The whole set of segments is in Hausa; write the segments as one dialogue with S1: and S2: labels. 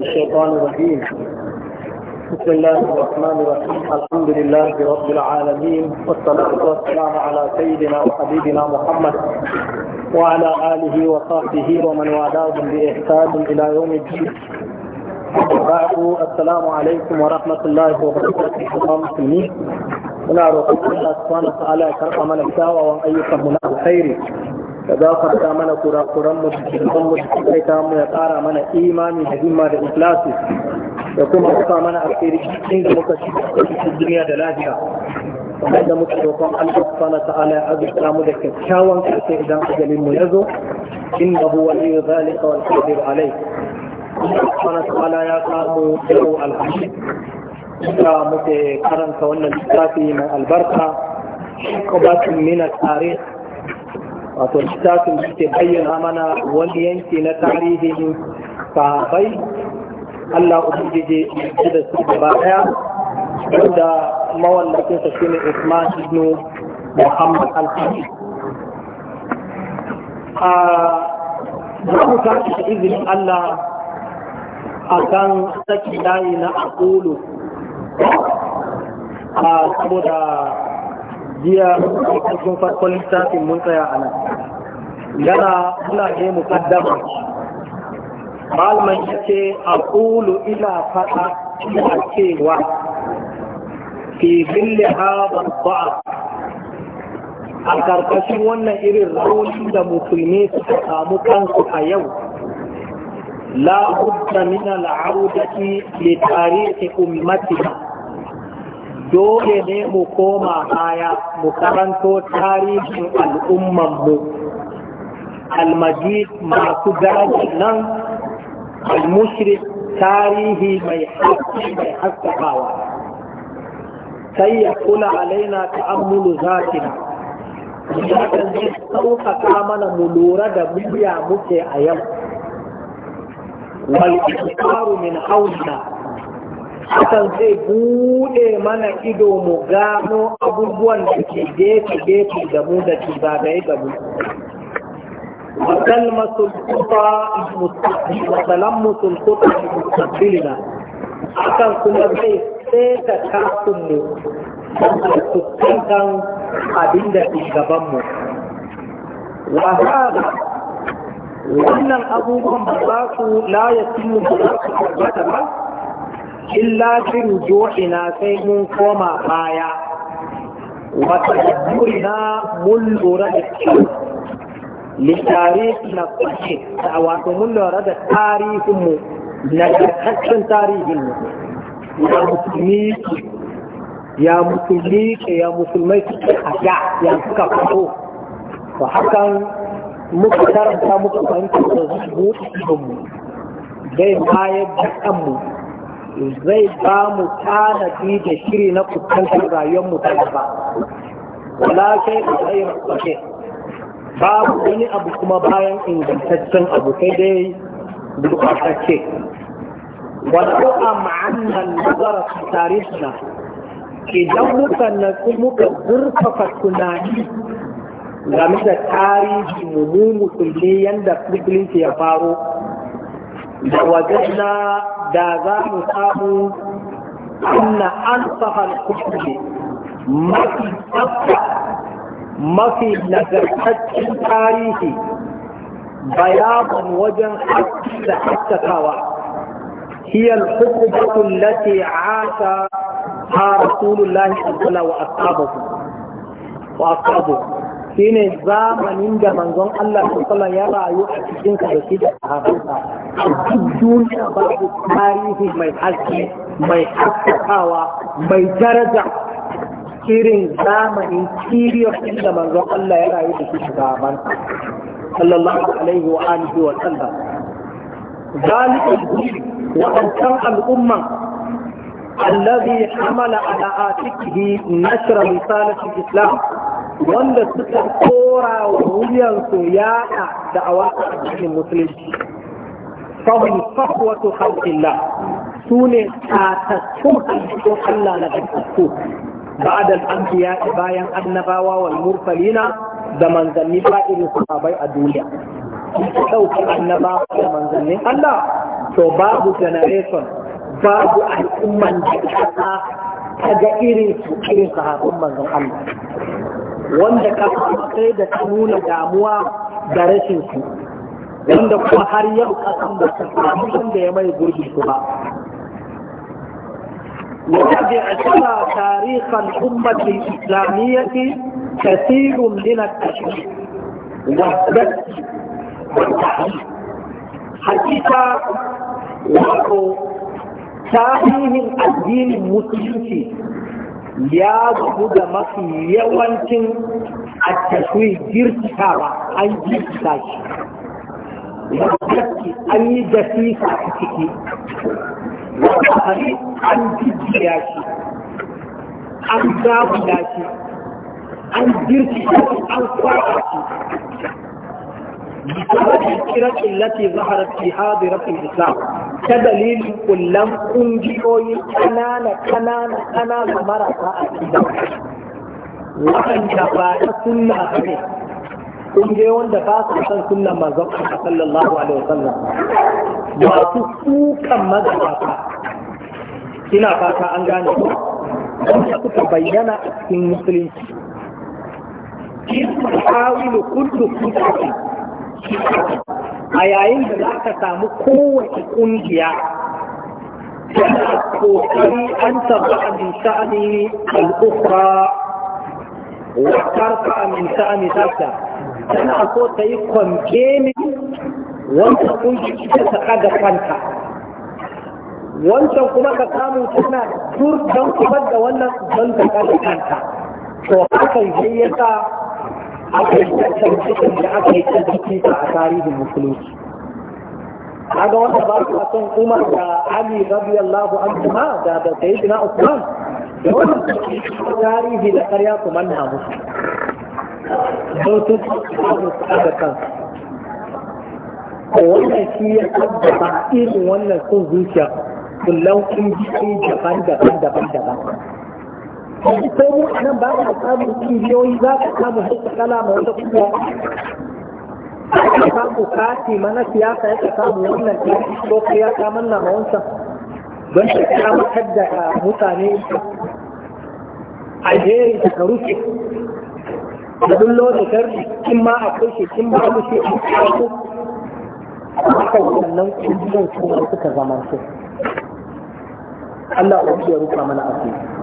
S1: الشيطان الرجيم بسم الله الرحمن الرحيم الحمد لله رب العالمين والصلاة والسلام على سيدنا وحبيبنا محمد وعلى آله وصحبه ومن والاه بإحسان إلى يوم الدين بعد السلام عليكم ورحمة الله وبركاته المسلمين muna roƙon Allah subhanahu wa ta'ala ya karɓa mana kyawawan ayyukan ka gafarta mana kurakuran mu cikin mu kai ta mu ya ƙara mana imani da himma da ikhlasi da kuma rufa mana alheri cikin da muka ci cikin duniya da lafiya kamar da muke roƙon Allah subhanahu ta'ala ya azurta mu da kyakkyawan kace idan ajalin mu ya zo innahu waliyyu zalika wal qadir alayh Allah subhanahu ta'ala ya kamu yau alhamdu da muke karanta wannan littafi mai albarka ko batun min tarikh wato littafin da ke bayyana mana wani yanki na tarihin sahabai Allah ubangiji ya da su gaba daya wanda mawallakin sa shine Usman ibn Muhammad al-Fatih a za ka izinin Allah akan saki layi na akulu a saboda jiya cikin farkon littafin mun tsaya a nan yana muna ne mukaddama malaman ya ce a ƙulu ina faɗa a cewa fi bille ha babba a karkashin wannan irin rauni da musulmi suka samu kansu a yau la budda min al-audati li tarihi ummatina dole ne mu koma baya mu karanto tarihin al'umman al'ummanmu almajid masu daji nan almushri tarihi mai haskakawa. mai sai ya kula alaina ta'ammulu zafina
S2: ya zai
S1: sauƙaƙa mana mu lura da murya muke a yau
S2: wal
S1: min haulina hakan zai bude mana ido mu gano abubuwan da ke gefe-gefe da mu da ke zagaye da mu. وكلمة الخطى وسلام الخطى مستقبلنا akan kuma zai seta kasunmu da fuskantar abin da ke gabanmu. Wahara wannan abubuwan ba za su la ya sinu ba za su ba illa fi jo’ina sai mun koma baya Wata yi na mun lura da littarihi na kushe da wato mun lura da tarihinmu na karkashin tarihinmu ya musulmi ya musulmi ke ya musulmai suke haja ya suka fito ba hakan muka ta muka fahimta da zuwa mu Zai bayan da kanmu zai ba mu tanadi da shiri na fuskantar rayuwar mu ta gaba wala kai da tsayin kwace babu wani abu kuma bayan ingantaccen abu sai dai gurɓatacce wadda a ma'annan nazara su na. idan muka nasu muka zurfafa tunani game da tarihi mu musulmi yadda musulunci ya faro
S2: da wajen na
S1: da za mu samu anna an sahal kuɗi
S2: mafi tsafta
S1: mafi nagartaccen tarihi bayaban wajen haske da haskakawa هي الحقبة التي عاشها رسول الله صلى الله عليه وسلم وأصحابه shine zamanin da manzon Allah sallallahu ya rayu a cikin da shi da sahabbansa
S2: duk duniya
S1: ba su tarihi mai haske mai haskakawa mai daraja irin zamanin period din da manzon Allah ya rayu da shi da sahabbansa sallallahu alaihi wa alihi wa sallam zalika wa kan al'umma الذي حمل على عاتقه نشر رسالة الإسلام wanda suka tsora wa ya yaɗa da'awa a cikin musulunci fahim fahwatu halkillah su ne tatattun halittun Allah na tattattu بعد bayan Annabawa, النبوة والمرسلين da manzanni ba irin sahabai a duniya ɗauki Annabawa da manzannin Allah to babu generation babu al'umman da ta ga irin su irin sahabin manzon Allah wanda ka sai da ta nuna damuwa da rashin su wanda kuma har yau kasan da ta samu wanda ya mai gurbi su ba وقد اعتبر تاريخ الأمة الإسلامية كثير من التشريع
S2: والذبح
S1: والتحريف حقيقة wato tarihin addinin musulunci ya da mafi yawancin a tasiri girkitawa an girkita shi wadda an yi dasifa a ciki wadda hari an jijjiya shi an da shi
S2: an girkita shi an kwara shi
S1: بسبب kira التي lati في هذه رفع islam ta dalilin kullum ƙungiyoyin ƙanana ƙanana ƙanana marasa a cikin waɗanda ba ta sunna ba ne ƙungiyoyin da ba su san sunnan manzon Allah sallallahu alaihi wasallam masu sukan magabata ina fata an gane ku. wanda suka bayyana a cikin musulunci Kisu hawilu kullu kudu a yayin da za ka samu kowace ƙungiya ta kokari an taba min sha'ani al'ukra wa a min sha'ani tata
S2: tana so ta yi ne wanda ƙungiya ta ta da kwanta
S1: wancan kuma ka samu tana tur don kubar da wannan don ta kaga kanta to hakan zai yasa aka yi cikin da aka yi cikin a tarihin musulunci A ga wanda ba su a son umar da ali radiyallahu anhu ma da da sayyidina usman da wannan tarihi da karya su manna musu don sun su da kansu wannan shi ya tabbata irin wannan sun zuciya kullum in ji daban daban daban daban Sai ko mu a nan ba ka samu kungiyoyi za ka samu hukka kala ma wata kungiya ka samu kati mana siyasa ya ka samu wannan ko ka ya manna ma wancan don ta kamatar da mutane a jerin ka rufe da duk lokacin kin ma akwai shi kin ma akwai
S2: shi a kawo aka
S1: wannan kungiyoyin kuma suka zama su Allah ya rufa mana asiri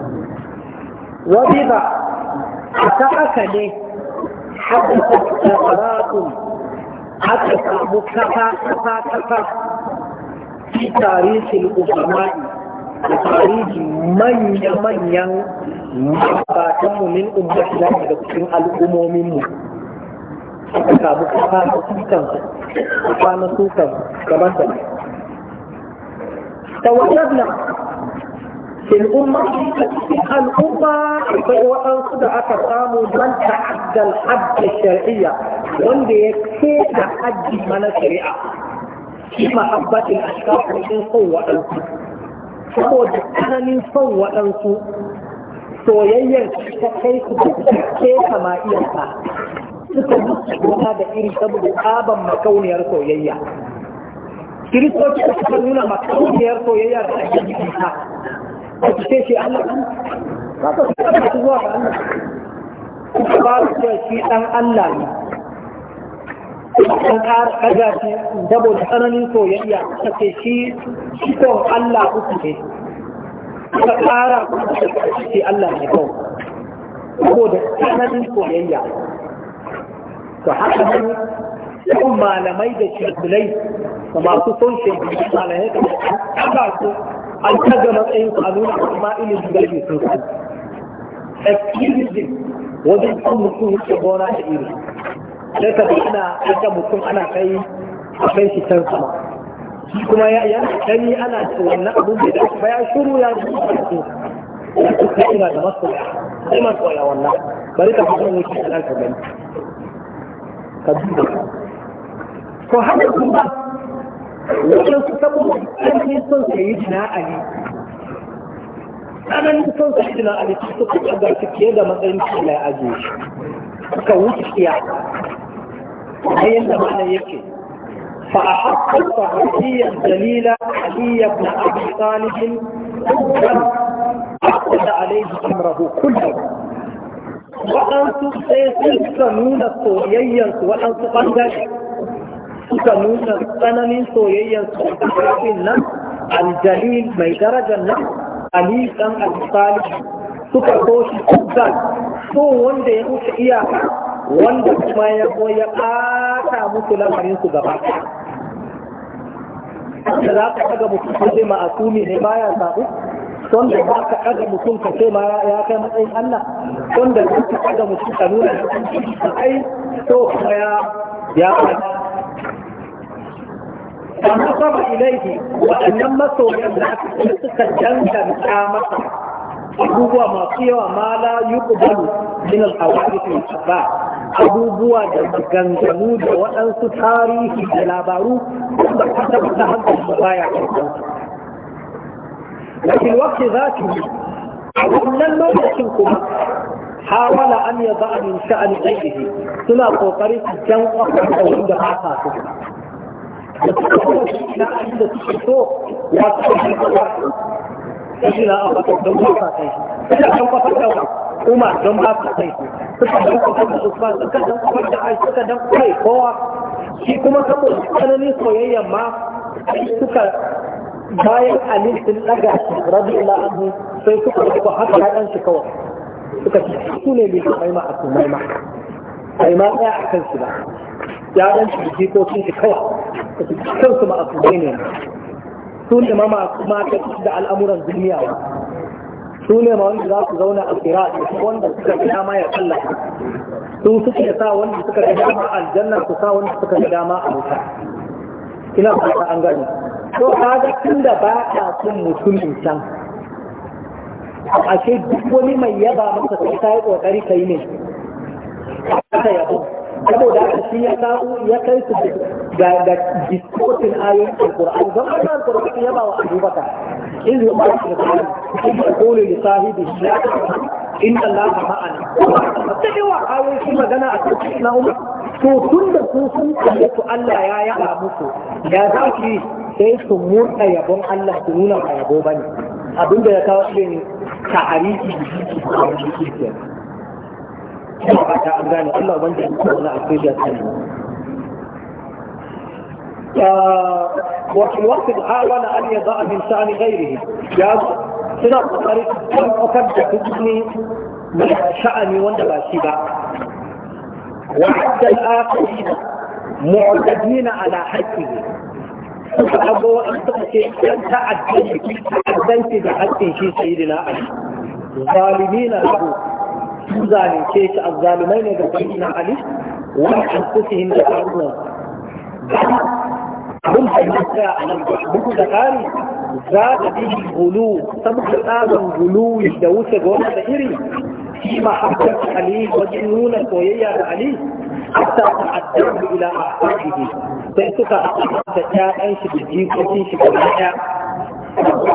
S1: وبضع أتعك لي حدثت ثغرات أتعك مكفى كفى كفى في تاريخ الأمراء تاريخ من يمن ين مباتم من أمتنا لكن الأمم منه aka samu kafa na tutan kafa na tutan gaban da ta wajen nan In umma al'umma akwai waɗansu da aka samu don ta'addal hadda shari'a wanda ya ke da hajji mana shari'a shi mahabbatin ashkafin sun son waɗansu saboda tsananin son waɗansu soyayyar ta kai su da keta ma ta suka nuna da iri saboda tsaban makauniyar soyayya kiristoci suka nuna makauniyar soyayya da ake yi sai shi Allah ba ka sai zuwa ga Allah ce shi ɗan Allah ne dan ƙara kaga shi dabo tsananin soyayya ta ce shi shi ko Allah uku ne ka kara shi Allah ne ko saboda tsananin soyayya to haka ne kun malamai da shirkulai da masu son shirkulai malamai da ba an kaga matsayin su a nuna amma ilimin da ke sun sani exclusive wajen kan mutum yake gona da iri sai ka ana ita mutum ana kai a kai shi can sama kuma yana gani ana ce wannan abun da ya ba ya shuru ya zuwa ya ci kai ina da masu ya sai masu ya wannan bari ka fito wuce a nan ka gani ka duba ko haka kuma waɗansu saboda
S2: ƙarfin son ka
S1: yi jina ali ƙarfin son ka yi jina ali su ka ɗaga su fiye da matsayin kila ya ajiye shi suka wuce iya
S2: bayan da mana
S1: yake فأحق الصحفي الدليل علي بن أبي طالب أخذ عليه أمره كله وأنتم سيسلسلون الصوريين وأنتم قد ذلك suka nuna tsananin soyayyar sahabin nan aljalil mai darajar nan ali dan al suka koshi kusan so wanda ya wuce iyaka wanda kuma ya ya ƙata musu lamarin su gaba da za ka ɗaga mutum ko zai ma'asumi ne baya sabu son da za ka ɗaga mutum ka ce ma ya kai matsayin Allah son da za ka ɗaga mutum ka nuna ai so kuma ya ya da saba ilaihi waɗannan masoyan da suka danganta masa abubuwa masu yawa ma la yuqbalu min al-hawadith al abubuwa da maganganu da waɗansu tarihi da labaru da taɓa ta hankali baya kan
S2: lakin waqti
S1: zati a wannan lokacin kuma حاول أن يضع من شأن غيره سنة قوقري تجمع أخرى عند ما da na abin da suke so ya su kan shi shi na abu don ba sa kai shi suka don kwafar da kuma don ba sa kai shi suka don kwafar da usman suka don kwafar da aisha suka don da kowa shi kuma saboda tsananin soyayyan ma suka bayan Ali sun daga rabi ila anhu sai suka yi ko haka ya shi kawai suka ci su ne bai mai ma a su mai ma sai ma tsaya a kan shi ba ya dan shi jikokin shi kawai suka ma a ma'asumai ne su ne ma masu da al'amuran duniya su ne ma wanda za su zauna a kira wanda suka fi dama ya tallafa. su suke sa wanda suka fi dama aljanna su sa wanda suka fi dama a wuta ina fata an gani to kaga tunda ba ka son mutumin can ashe duk wani mai yaba maka sai ka yi kokari kai ne ka yabo saboda shi ya kai su ga ga diskotin ayoyin alqur'ani don Allah alqur'ani ya ba wa abubakar in yi ba shi da in ya sahi li sahibi in Allah ma'ana ta wa ayoyin shi magana a cikin na to tun da su sun kalle to Allah ya a musu ya za ki sai su murna yabon Allah su nuna ba yabo bane abinda ya kawo irin ta'ariki da shi ke ba ta an gane Allah a ya kawo na alƙur'ani وفي الوقت حاول أن يضع من شأن غيره يا سنة طريق كم أكبر تجني من شأن وندبا شبا وعد الآخرين معتدين على حجه فأبو أنتقشي أن تعدني تعدنت بحجه في سيدنا علي ظالمين له الظالمين ذكرنا علي وعن أنفسهم ذكرنا abin da ya tsaya a nan buku da ƙari za ka bi gulu saboda tsarin gulu da wuce gona da iri shi ma hakan ali wajen nuna soyayya da ali hatta ta addabu ila ahadihi sai suka haɗa ƴaƴan shi da jikokin shi da ɗaya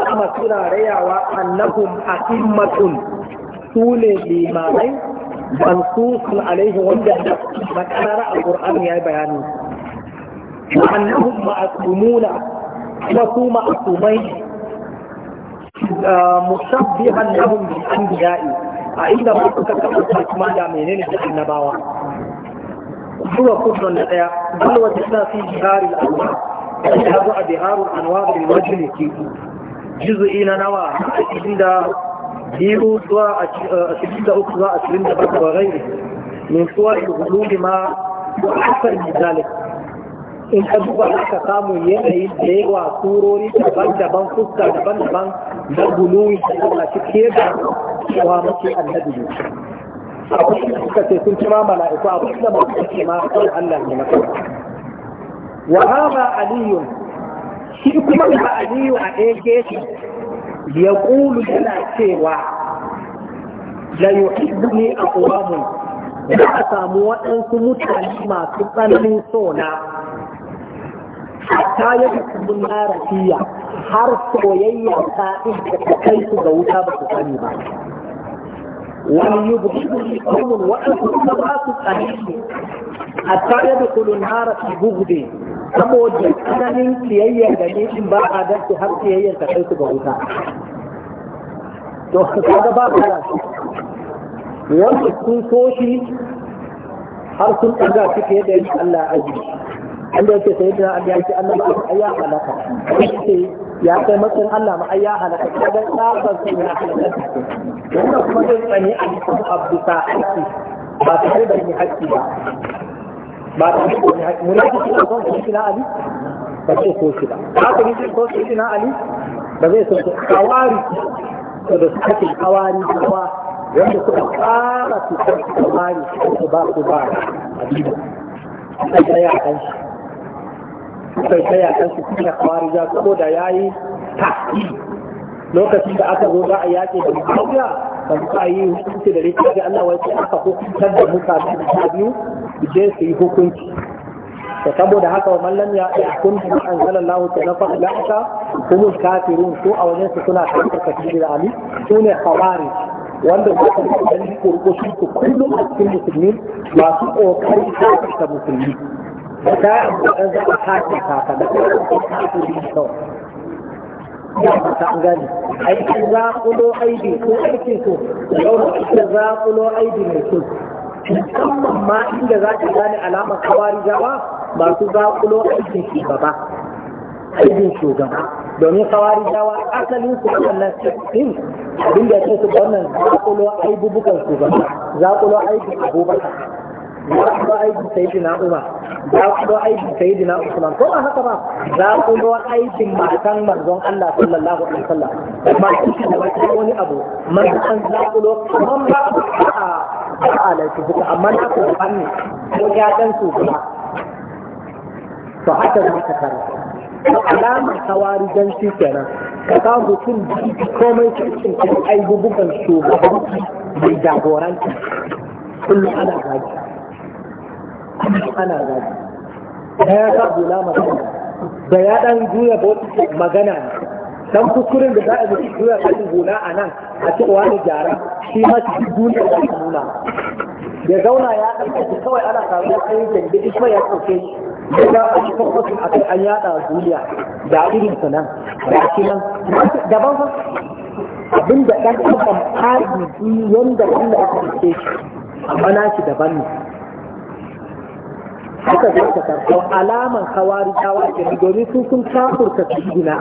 S1: kuma suna rayawa annahum a'immatun su ne limamai mansusun alaihi wanda makarara a ƙur'ani ya yi bayani وأنهم معصومون وسوء معصومين مشبها لهم بالأنبياء أين ربك كفرت ما يعملين النبوة هو كفر لدي بل وجدنا في بهار الأنوار هذا بهار الأنوار المجلس جزء نوى عند biyu zuwa ashirin da uku zuwa ashirin da bakwai wa gairi min suwa ilhululi ma wa akasar min zalik in ka duba aka samu yanayi da yawa surori daban-daban fuska daban-daban na buluwi, da Allah shi ke cewa mace annabi ne akwai da suka ce sun kira mala'iku a da mace ce ma kan Allah ne na kawai wa hama aliyu shi kuma da aliyu a ɗaya gefe ya kulu yana cewa la yuhibbuni aqwamun da a samu waɗansu mutane masu tsananin sona hatta ya kusurin marafiya har soyayya ta inda kai su ga wuta ba su sani ba wani yi bukuku kumun waɗansu kuma ba su tsari su hatta ya kusurin marafi bugude saboda tsananin kiyayyar da ne in ba a dan su har kiyayyar ta kai su ga wuta to kaga ba kala wani sun so shi har sun ɗaga shi fiye da yadda Allah ya ajiye wanda yake sai da ya Allah ma ayya halaka ya kai matsayin Allah ma ayya halaka kaga tsaban sai ya halaka kuma zai tsani a cikin abdusa haƙi ba tare da ni haƙi ba ba tare ni haƙi munafiki na ali ba zai so ba haka ne zai so shi na ba wanda suka fara su kawari su ba ba a biyu sai suka ta yakan su cikin za ko da ya yi ta lokacin da aka zo za a yaƙi da mutuwa ba su yi hukunci da rikin da Allah wai sai aka hukuntar da mutane da ta biyu je su yi hukunci to saboda haka wa mallam ya ya kun da an sallallahu ta nafa la'aka kuma kafirun su a wajen su suna karkata kafiri da ali su ne kawari wanda ba su da kurkushi su kullum a cikin musulmi masu ƙoƙari ta ta musulmi da ta abokan za a kashe kaka da kuma ya fata an gane aikin za kulo aibi ko aikin ko yau da aikin za kulo aibi mai kyau musamman ma inda za ka gane alamar kawari gaba masu za kulo aikin shugaba aikin shugaba domin kawari jawa asalin su wannan sittin abinda ya ce su wannan za kulo aibubukan shugaba za kulo aibin abubakar za ku ga aikin sayyidina Umar za ku ga aikin sayyidina Usman ko ba haka ba za ku ga aikin matan manzon Allah sallallahu alaihi wasallam amma shi da wani abu man an za ku ga kaman ba a alaihi buka amma na ku banni ko ya dan su kuma to haka za ka kara alamar tawari dan shi kenan ka ga mutum komai cikin aibubukan shugaban mai jagoranta kullum ana gaji ana zagi da ya sa bula magana da ya dan juya bauti magana ne dan kuskuren da za a yi juya kashin gula a nan a ce wani gyara shi ma shi duniya da ta nuna ya zauna ya dan kashi kawai ana karuwa kan yin jambi isma ya ɗauke shi ya ga a cikin kwasin a kai an yaɗa duniya da irin sa nan da shi nan daban fa abin da ɗan ɗan ɗan ƙari yanda wanda aka ɗauke shi amma na shi daban ne haka zai ka karɓo alaman hawari dawa ke domin su sun kafurta su gina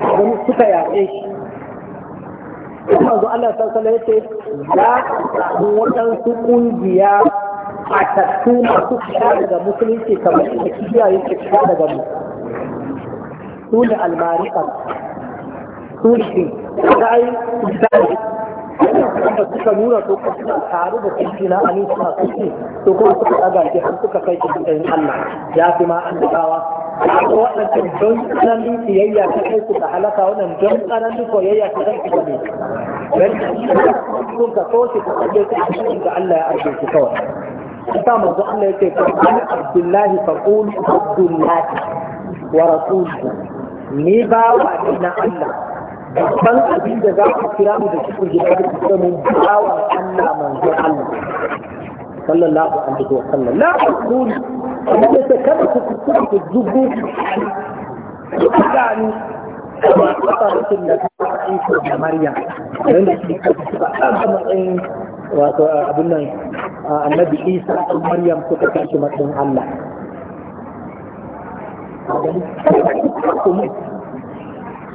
S1: a don suka yaƙe shi kuma zo Allah ta ya ce za a samu waɗansu ƙungiya a tattu masu fita daga musulunci kamar da kiyaye yake fita daga mu su ne almarikan su ne
S2: ra'ayi su
S1: da suka nuna to ko suna tare da kinki na ali suna kinki to kuma suka daga ki har suka kai kinkin Allah ya fi ma an dawa ko waɗannan don sanin siyayya ta kai su ta halaka wannan don tsananin soyayya ta kai su ta ne don kun ka toshe ku kaje ta cikin da Allah ya arbe ku kawai ta manzo Allah yake ko an Abdullahi fa qul Abdullahi wa rasuluhu ni ba wa na Allah babban abin da za ku kira mu da cikin gida da kusa mun bawa Allah manzo Allah sallallahu alaihi wa sallam la aqul amma da ta kada ku ku ku gani da ni, wato nan annabi Isa da Maryam suka kashi matsayin Allah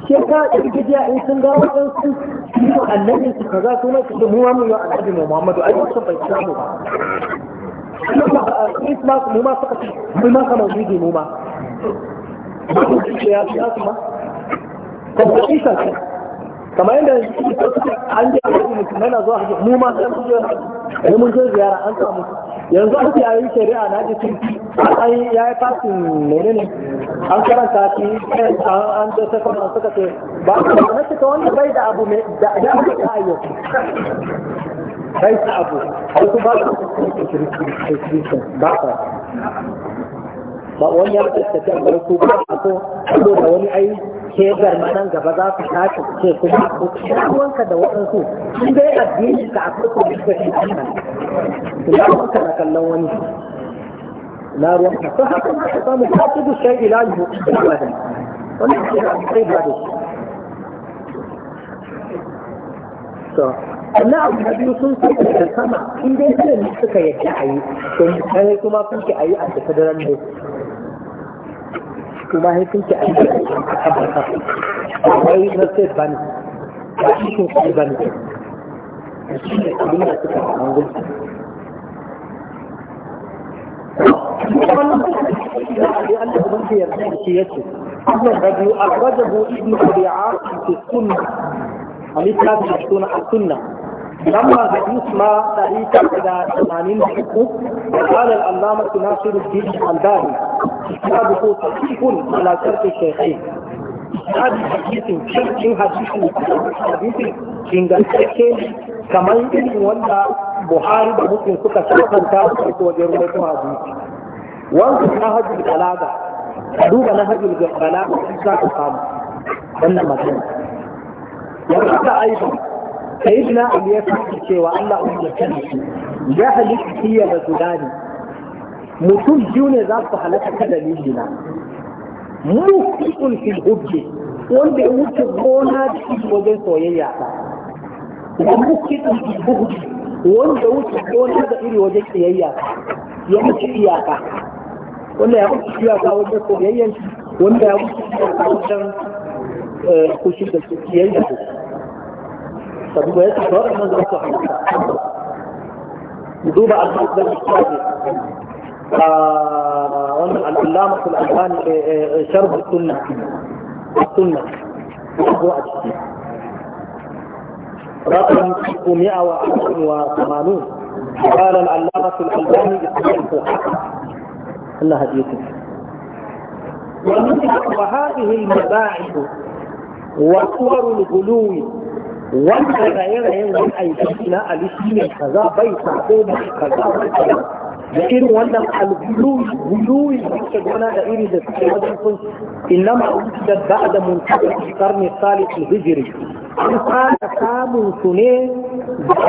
S1: ke ka irgidiya in sun ga wajen sun yi wa annabi su kaza su na cikin mu yi wa annabi mu Muhammadu yi sun bai ci mu ba Isma mu ma suka ci mu ma kama wuri mu ma ya ci asu ma kuma isa ce kamar yadda an ji a wani mutum yana zuwa hajji mu ma san su je mun je ziyara an samu yanzu an ce yi shari'a na ji tun. an ya yi fasin mene ne an karanta shi an da sai kuma suka ce ba a na cika wanda bai da abu mai da ya aka ta ayyo bai ta abu wasu ba su ba ka ba wani ya ta ta ta ba su ba a ko da wani ai ke garmanan gaba za ka tashi ce kuma ruwanka da waɗansu in dai addini ka a kusa da suka shi Allah ina ruwanka na kallon wani na ruwanka to haka ma ka samu ka tudu shai ila yi hukumin abadan wani ce da kai ba da shi to Allah abu da biyu sun san da sama in dai sai suka yadda a yi to kai kuma kun ki a yi a tafi daren ne to mahaifinki a cikin tabbata wai na sai bani ba cikin kuɗi bani da shi ne abin da suka an gulki Allah ubanci yarda da shi yace أما الذي أخرجه ابن أبي عاصم في السنة الإسلام السنة لما حديث ما تأتيك إلى ثمانين حقوق قال العلامة ناصر الدين الألباني كتابه تصحيح على شرط الشيخين هذا حديث شرط حديث حديث عند الشيخين كما يمكن ولا بخاري ومسلم سكا شرطا كافر وجرمته حديث وانت نهج البلاغة دوب نهج البلاغة إذا أقام wannan magana. Yanzu ta aiki sayyidina abu ya fahimci cewa Allah umarta shi ya halitta kiyya da gudani mutum biyu ne za su halaka ta dalilina mutum fil hubbi wanda ya wuce gona da shi wajen soyayya ta ya mutum fil hubbi wanda wuce gona da iri wajen kiyayya ya wuce iyaka wanda ya wuce iyaka wajen soyayyan wanda ya wuce iyaka wajen kushin eh, da kiyayya فهو يتحرر من الصحيح يدوب على الحزب الإسلامي آه، العلامة الألبان آه، آه، شرب السنة السنة رقم 180 قال العلامة الألباني الله هديكم وهذه المباعث وصور الغلو wannan raye-rayen wani aiki na ali shi kaza bai sako ba kaza bai da irin wannan al-guluwi suke gona da iri da suke wajen sun innama da ba da muntaɓa karni salih al-hijri an fara samun su ne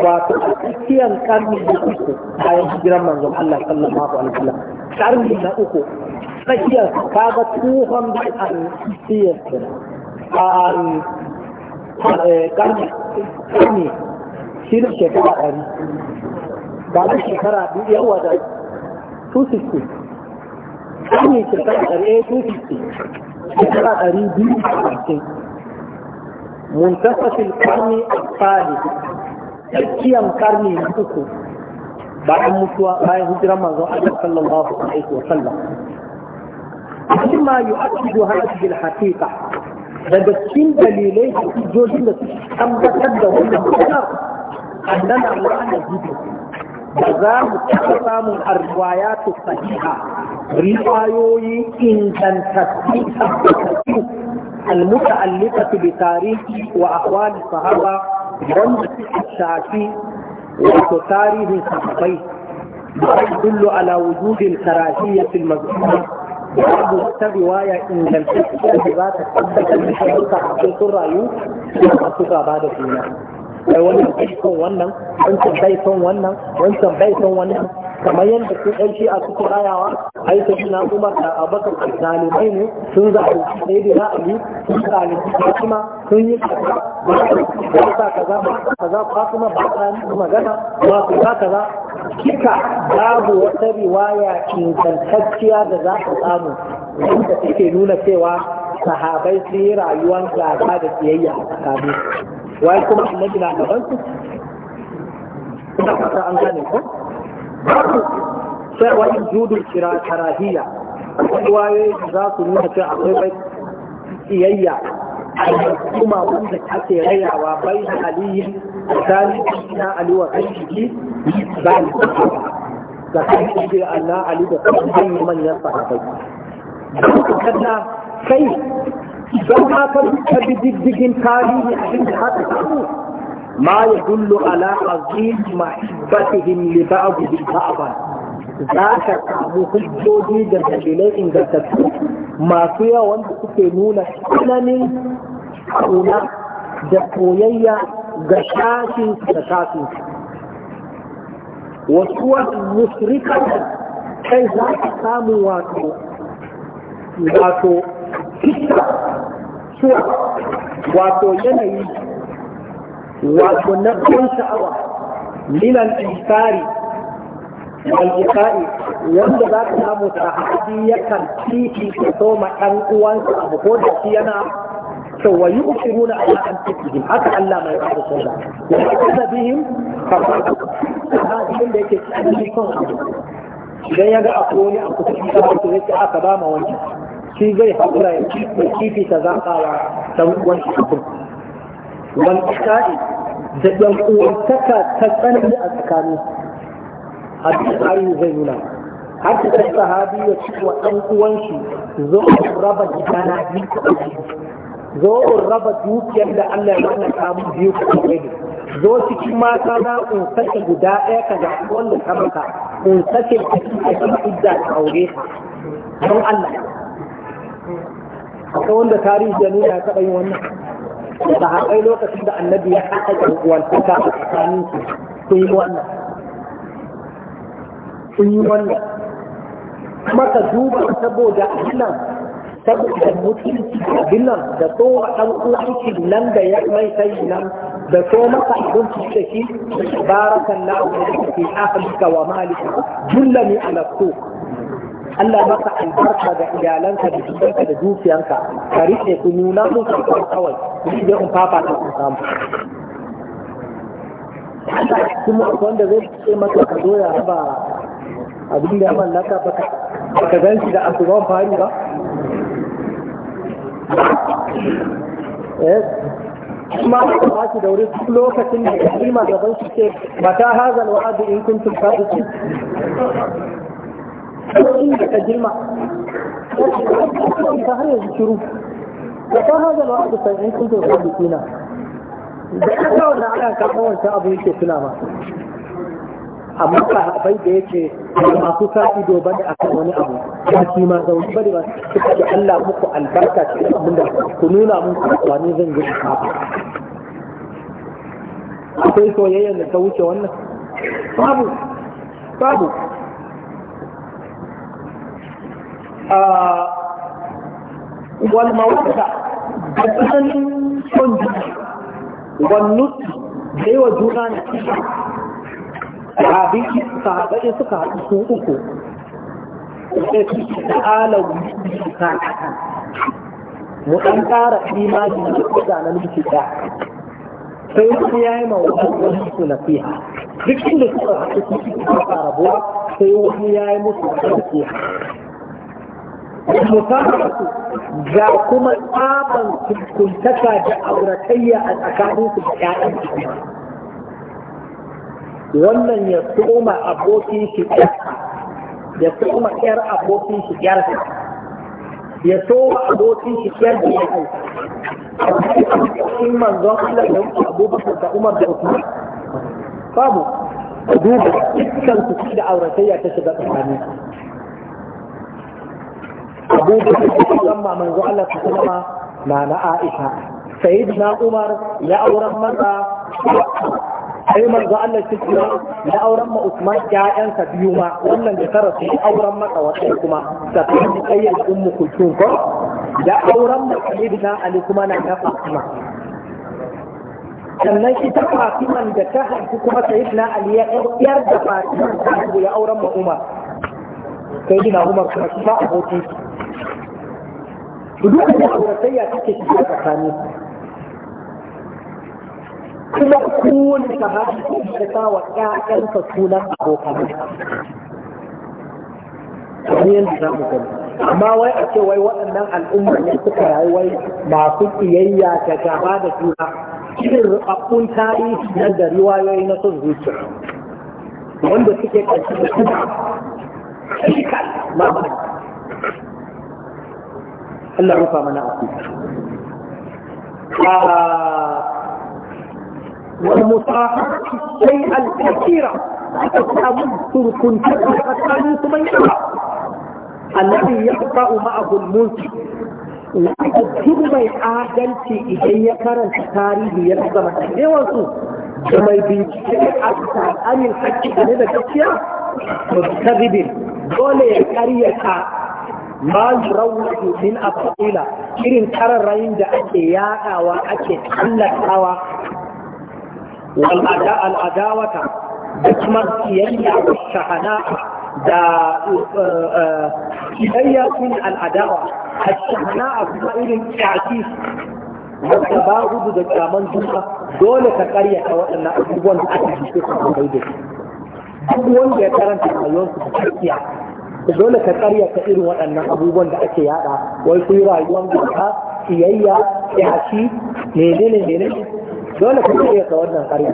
S1: wato a tsakiyar karni da uku bayan hijiran manzon Allah sallallahu alaihi wasallam karni na uku tsakiyar kaga tuhon da a tsakiyar a karni karni shi shekara ɗari ba da shekara biyu yawa da 260 karni shekara ɗari a eh, 260 shekara ɗari biyu a ƙarshe muntasafin karni a tsali tsakiyar karni na uku bayan mutuwa bayan hijiran manzon Allah sallallahu alaihi wa sallam. ma daga cikin dalilai da hujjojin da suke tabbatar da wannan matsalar annan Allah na jibi ba za mu taɓa samun arwaya ta sahiha riwayoyi ingantattu tabbatattu المتعلقة بتاريخ وأحوال الصحابة wanda suka shafi wato tarihin sahabbai da yadullu ala wujudil karahiyyati al-mazmuma babu wata riwaya ingantacciyar da za ta tabbatar da shirka a cikin rayu da su gaba da juna. Kai wannan bai son wannan, wancan bai son wannan, wancan bai son wannan, kamar yadda su ɗan shi a suke rayawa ai sai na umar da abubakar zalimai ne sun zaɓi sai da ali sun zalunci fatima sun yi kaza ba sa kaza ba kuma ba ta yi magana ba su ta kaza kika babu wata riwaya ingantacciya da za ta samu wanda take nuna cewa sahabai sun yi rayuwar gaba da siyayya a tsakanin wai kuma annabi na gaban su ina fata an gane ko babu sai wa judul karahiya akwai waye za su nuna cewa akwai bai iyayya kuma wanda ake rayawa bai da aliyin tsakanin na aliwa
S2: kan ciki ba ni
S1: da kan ciki na ali da kan manyan sahabbai kada kai don haka ka bi diddigin tarihi a cikin haka ما يدل على عظيم محبتهم لبعضهم بعضا ذاك كامو حجوجي دلائل ان تتبع ما فيا وانت تكينونا سننين كونا دقويا غشاشي ستاتي وسوى المشركة كي ذاك كامو واتو واتو كتا سوى واتو ينعيش wato na ban Lilan minan isari al'iqa'i wanda za ka samu sahabi yakan titi ka soma ɗan uwansa abu ko da shi yana cewa yi ushiruna ala an tafihim haka Allah mai ba da sauran wa kaza bihim fa sahabin da yake cikin son abu idan ya ga a wani a kusa shi ta to yake aka ba ma wani shi zai haƙura ya kifi ta zaɓawa ta wani abu wal isha'i
S2: da ɗan uwantaka ta tsanani a
S1: tsakani a duk ayin zai nuna har ta kai sahabi ya ci wa ɗan uwan zo zo raba gidana biyu ko zo raba dukiyar da Allah ya mana kamu biyu ka kai zo cikin mata na in sace guda ɗaya ka ga wanda ka maka in sace ka ci a cikin idda ka aure don Allah akwai wanda tarihi ya nuna ya taɓa yin wannan Da haƙai lokacin da annabi ya haɗa yankuwantaka a tsakanin su sun yi wannan sun yi wannan kuma ka duba saboda nan saboda mutunci abin nan da so a ɗan uwanci nan da ya mai sai nan da so masa abinci da shi barakan na'u da ke afirka wa malika jullami a so Allah maka albarka ga iyalanka da jikinka da dukiyanka ka riƙe ku nuna mun ku kawai ku je in fafa ta ku samu Allah kuma wanda zai ce maka ka zo ya raba abin da ya mallaka baka baka gan shi da asuban fari ba eh, kuma aka ba shi da wuri duk lokacin da kalima gaban shi ce mata hazal wa'adu in kuntum sadiqin وإن
S2: تجمع فهل
S1: يذكروا وكان هذا الوعد فإن كنتم صادقين da Da ta ana kama wancan abu yake suna ma amma sahabbai da yake masu sa ido ba da akan wani abu ba shi ma zaune ba da ba suka da Allah muku albarka ce abin da ku nuna mun wani zan gudu kafa akwai soyayyar da ta wuce wannan babu babu والمودة بدلاً سنجد والنص da wa juna na sahabi sahabai suka haɗu su uku sai su da alawu ta mu ɗan ƙara imani da kuɗa na nufi da sai su ya yi mawuƙa su nasiha duk inda suka haɗu su suka rabuwa sai wani ya yi musu nasiha musamman ga kuma tsaban kuntaka da auratayya a tsakanin tsakaninsu da ƴaƴan wannan ya tsoma abokin shi ƴarsa ya tsoma ƴar abokin shi ƴarsa ya tsoma abokin shi ƴar da ya haifa in manzon Allah da wuce abubakar da Umar da Usman babu duba dukkan su da auratayya ta shiga tsakaninsu abu da musamman manzo Allah ta sallama na na Aisha sayyidina Umar ya auren masa sai manzo Allah ta ce ya auren ma Usman ƴaƴansa biyu ma wannan da tara su auren masa wata kuma ta kai kayyar ummu kulsum ko ya auren ma sayyidina Ali kuma na ta Fatima sannan ita fatiman da ta haifi kuma sayyidina ali ya yar da fatiman ta ya auren ma umar sayyidina umar kuma shi ba abokin duk da auratayya take shiga tsakani kuma kowane sahabi ke da sa wa ƴaƴansa sunan abokan kamar yadda za mu gani amma wai a ce wai waɗannan al'umma ne suka rayu wai masu ƙiyayya ta gaba da juna irin rubabbun tarihi na da riwayoyi na son zuciya wanda suke ƙarshe da kuma
S2: shi kan mamaki
S1: الا rufa mana ah, a والمصاحبة الشيء الكثيرة تتأمل ترك تتأمل من يرى الذي يقطع معه الملك ويجب ما يعادل في إلي كرن تاريخ يلزم الحيوانسو كما يبيجي أكثر أن الحج أنه كثيرا مبتغب دولة كريكا ma yurawwaju min afqila irin kararrayin da ake yaɗawa ake tallatawa al'adawata, da kuma kiyayya wa shahada da eh, eh, kiyayya min al adawa al a kuma irin kyaki wanda ba gudu da kyaman duka dole ka karyata waɗannan abubuwan da aka jike su da duk wanda ya karanta rayuwarsu da gaskiya dole ka ka irin waɗannan abubuwan da ake yada wai ku yi rayuwar gaba siyayya yashi menene ne dole ka ka wannan karya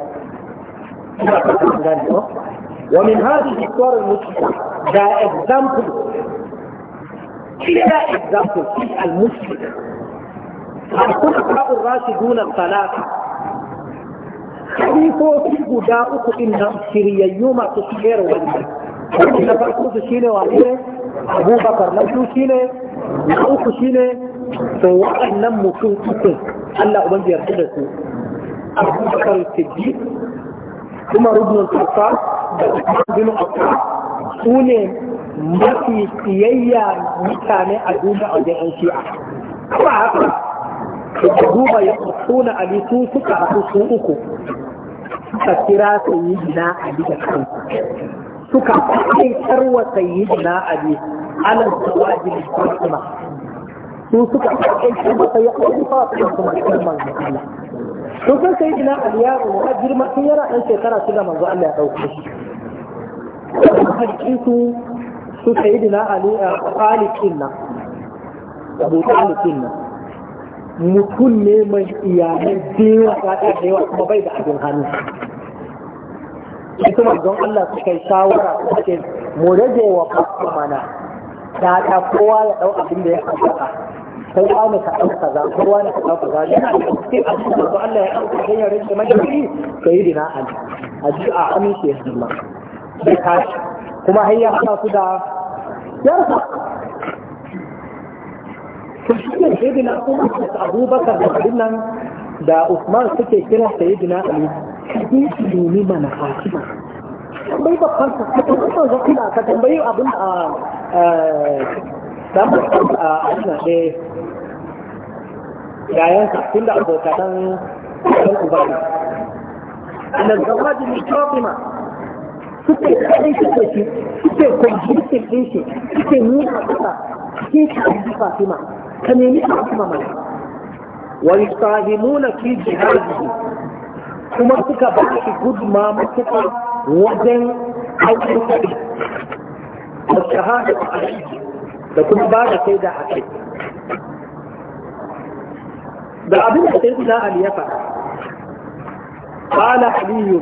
S1: min hadi الصور المشركة ذا example كلا example al muslim المشركة الخلفاء الراشدون الثلاثة خليفة في غداء إنهم سريا يوم تسير والمسجد na farko su ne wane ne Abu abubakar na biyu shine na uku shine to waɗannan mutum uku Allah ubangi yarda da su Abu abubakar siddiq kuma rubnul kafa da bin abdul su ne mafi tsiyayya mutane a duniya a wajen 'yan shi'a kuma haka da duba ya suna ali su suka haku su uku suka kira su yi na ali da
S2: kansu
S1: suka kai wa sayyidina ali alal
S2: sawajil fatima
S1: su suka aitar wa sayyidina fatima kuma kalmar Allah sun san sayyidina ali ya ruwa girma tun yana ɗan shekara shida manzo Allah ya dauke shi hakkin su su sayyidina ali a khaliqin nan abu talibin nan mutum ne mai iyalai da yawa da yawa kuma bai da abin hannu sai kuma don Allah su kai shawara su ce mu rage wa fasu mana ta ta kowa ya dau abin da ya kafa sai mu ka ɗau kaza kowa ne ka ɗau kaza yana da cikin abin da Allah ya ɗauka don ya rage majalisi sai dina ali a ji a amince ya zama ya tashi kuma har ya haɗa su da yarsa kun shi sai dina kuma abubakar da abin nan da Usman suke kiran sayyidina Ali kaje ki nemi mana fatima tambayi babban ka ka tambayi ga kula ka tambayi abin da a ana ne yayan ka tunda
S2: abokatan kan ubani
S1: annal zawaj min fatima suke kai suke shi suke kwanjin din shi suke ni kasa suke kai fatima ka nemi fatima mana ويصطادمون في جهاده kuma suka ba shi gudma matuƙa wajen aikin kuɗi, da shahada a da kuma ba da sai da a kai da abin da sai na Ali ya faɗa qala aliyu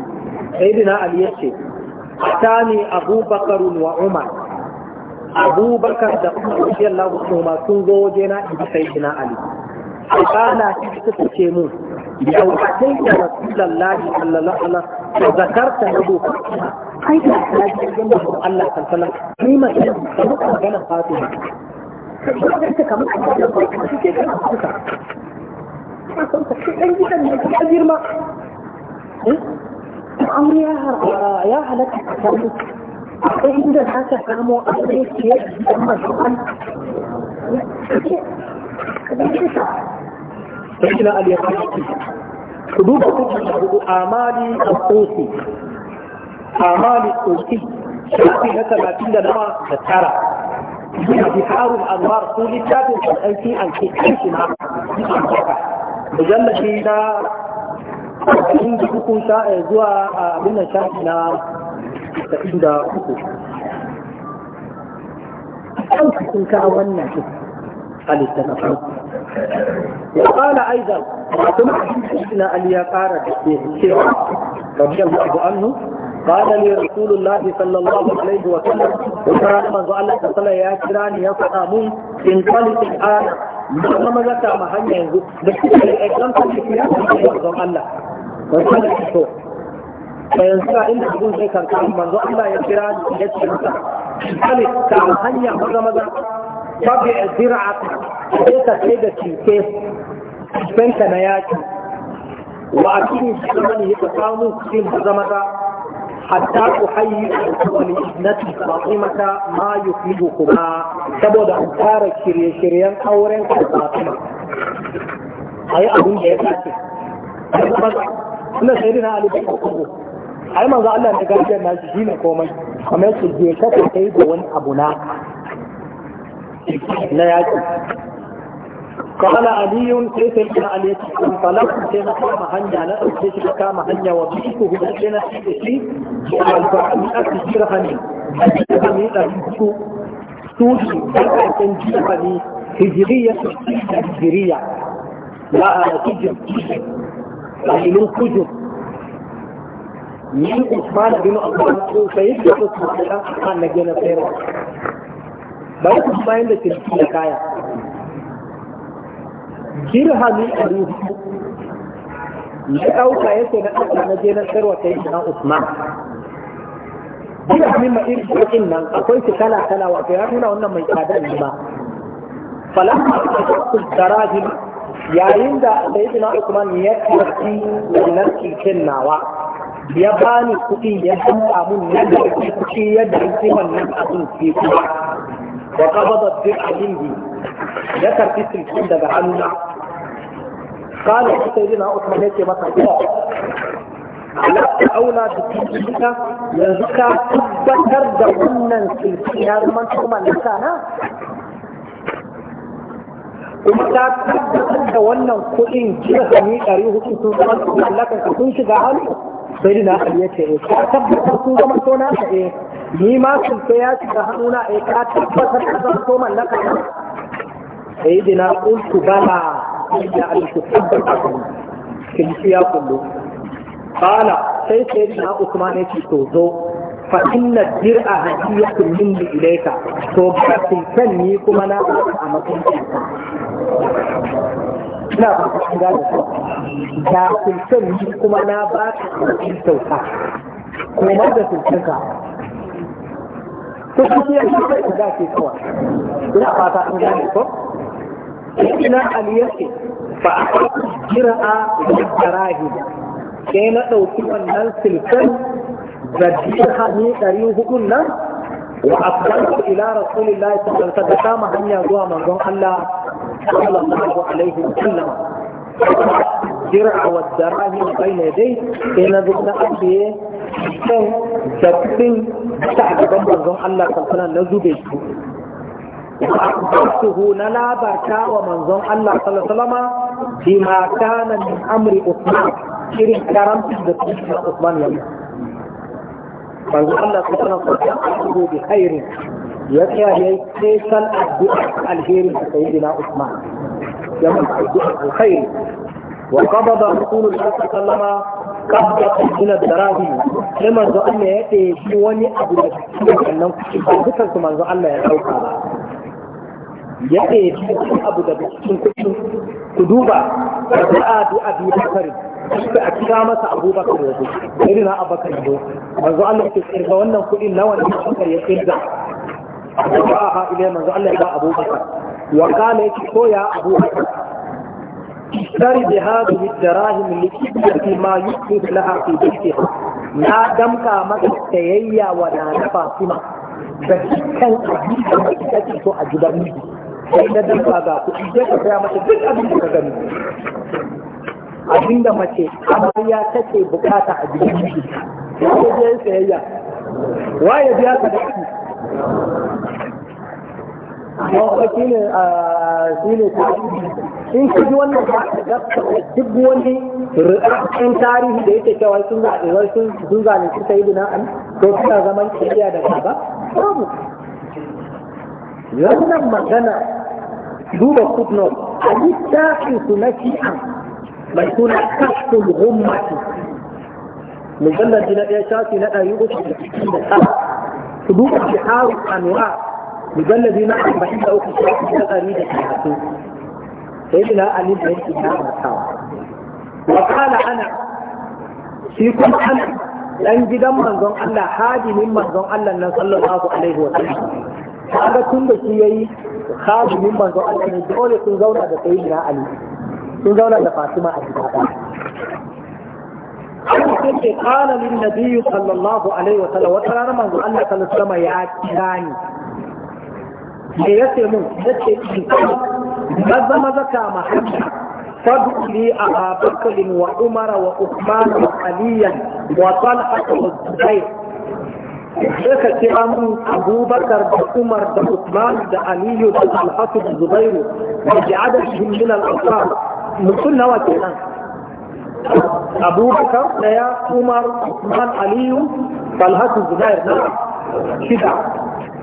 S1: sayyidina Ali ta ne abubakar wa umar abubakar da umar radiyallahu Lagos Umar sun zo wajena ibi na ali فقال تكتشمون لو أتيت رسول الله صلى الله عليه وسلم وذكرت له حيث أحتاج جنبه الله صلى الله عليه وسلم لما كان كان فاطمة إيه؟ أمر يا يا sayyidina ali ya fara ku duba kuma hudu amali al-qusi amali al-qusi shafi na talatin da nawa da tara biharul anwar su littafin sananci an ke kanshi na mujallashi na cikin da uku eh, zuwa abin nan shafi na da uku an cikin ka wannan halittar وقال أيضا ثم حدثنا أن يقار رضي الله عنه قال لي رسول الله صلى الله عليه وسلم وقال ما قال صلى يا كران يا ان قال الآن ما ما ذكر ما هي ينزو لكن الإكرام في الله وقال له فينسى إن أقول من يا يا كان tabi'a zira'aka sai ka kai da cike fenta na yaki wa a cikin zaman ya ka samu cikin zama ta hatta ku hayi wani ibnati fatimata ma yufidu kuma saboda an fara shirye-shiryen auren ka fatima ayi abin da ya kace Allah sai dina Ali bin Abu ai manzo Allah da gaskiyar nashi shine komai kamar su je ka kai da wani abu naka لا yaƙi قال علي كيف يكون علي انطلقت سينا كما هنيا انا اوكيت كما هنيا وبيته بدنا في الفعل اكثر هني هني اكثر سوشي كان جيبني هجرية هجرية لا انا كجر يعني من كجر من عثمان بن عفان سيدنا عثمان كان نجينا خيرا ba ya su bayan da kirki da kaya hannun a ruhu ya ɗauka ya ce na ɗauka na je na tsarwa ta yi na usman dirhami ma irin kuɗin nan akwai su kala kala wato ya nuna wannan mai tsada ne ba a ta darajin yayin da sayyidina usman ya karɓi wannan kirkin nawa ya bani kuɗi ya san mun nan da kuɗi yadda ake wannan abun ke kuma wa qabada dir'a minni ya karbi silkin daga hannuna kana sai dina Usman yake masa ina alaƙa aula da cikinka yanzu ka tabbatar da wannan silkin ya zama kuma na kuma ta tabbatar da wannan kuɗin jirgin ɗari sun hannu sai ya ce sun ni ma sai ya shiga hannuna a eh, ka tabbatar ka zan so mallaka ta sai dina kuntu bala ya al-kufar da kinci ya kullu Bala sai sai dina usman ya ce to zo fa inna dir'a hadiyatun minni ilayka to ba kan ni kuma na a matsayin ka? ina ba ka shiga da su da kan ni kuma na ba ka kyauta kuma da sultanka to kuma ya shi kai da ke kawai ina fata an gane ko ina aliyake fa aka jira'a da karahi sai na ɗauki wannan silkan da dirhami ɗari hudun nan
S2: wa afdalku
S1: ila rasulillahi sallallahu alaihi wasallam ta kama hanya zuwa manzon Allah sallallahu alaihi wasallam dir'a wa darahim bayna dai sai na zo na ajiye kan
S2: da kudin ta gaban
S1: manzon Allah sallallahu na zube su أخبرته نلابا كاوى منظوم الله صلى الله عليه وسلم بما كان من أمر عثمان شرين كرم تبتلك عثمان يوم منظوم الله صلى الله عليه وسلم بخير ya tsaya ya yi tsesan addu'a alherin da sayi dina Usman ya mutu addu'a alkhairi wa qabada rasulullahi sallallahu alaihi qabda min ad-darahim sai manzo Allah ya tsaye shi wani abu da cikin wannan kuɗi dukan su manzo Allah ya dauka ba ya tsaye shi wani abu da cikin kuɗi ku duba da da'a bi abi bakari sai a kira masa abubakar ya zo irin abubakar ya zo manzo Allah ya tsirga wannan kuɗin nawa ne ya tsirga a ba a haɗe manzo Allah ya ba Abu Bakar wa kana yake koya Abu Bakar tari da hadu bi darahim li kibati ma yuqti laha fi bayti na damka maka tayayya wa na nafa kuma da kan abin da kake so a gidan mu sai da damka ga ku je ka faya mata duk abin da ka gani abinda mace amarya take bukata a gidan mu sai je sayayya wa ya biya ka da
S2: shine ah,
S1: shine in ka ji wannan duk wani rikakken tarihi da yake cewa sun zaɓe sun zalunci sai dina an to suna zaman kiriya da gaba babu wannan magana duba footnote a yi littafin su na shi'a mai suna kashful ummati mujallar na ɗaya shafi na ɗari uku da su duba biharu anwa mujallabi na arba'in da uku shafi ta ɗari da talatin sai bila ali da yake na matawa wa kala ana shi kuma ana dan gidan manzon Allah hadimin manzon Allah nan sallallahu alaihi wa sallam kaga tun da shi yayi hadimin manzon Allah ne dole sun zauna da sayyidina ali sun zauna da Fatima a gida an ce kala lin nabiyyu sallallahu alaihi wa sallam wata rana manzo Allah sallallahu alaihi wa sallam ya kira ni da ya ce mun ya ce maza maza ka mahamma fadu li a abakarin wa umara wa usman wa aliyan wa talha wa zubair sai ka kira mun abubakar da umar da usman da aliyu da talha da zubairu da ji'adar min al-ansar mutum nawa kenan abubakar daya umar usman aliyu talhatu zubair na shida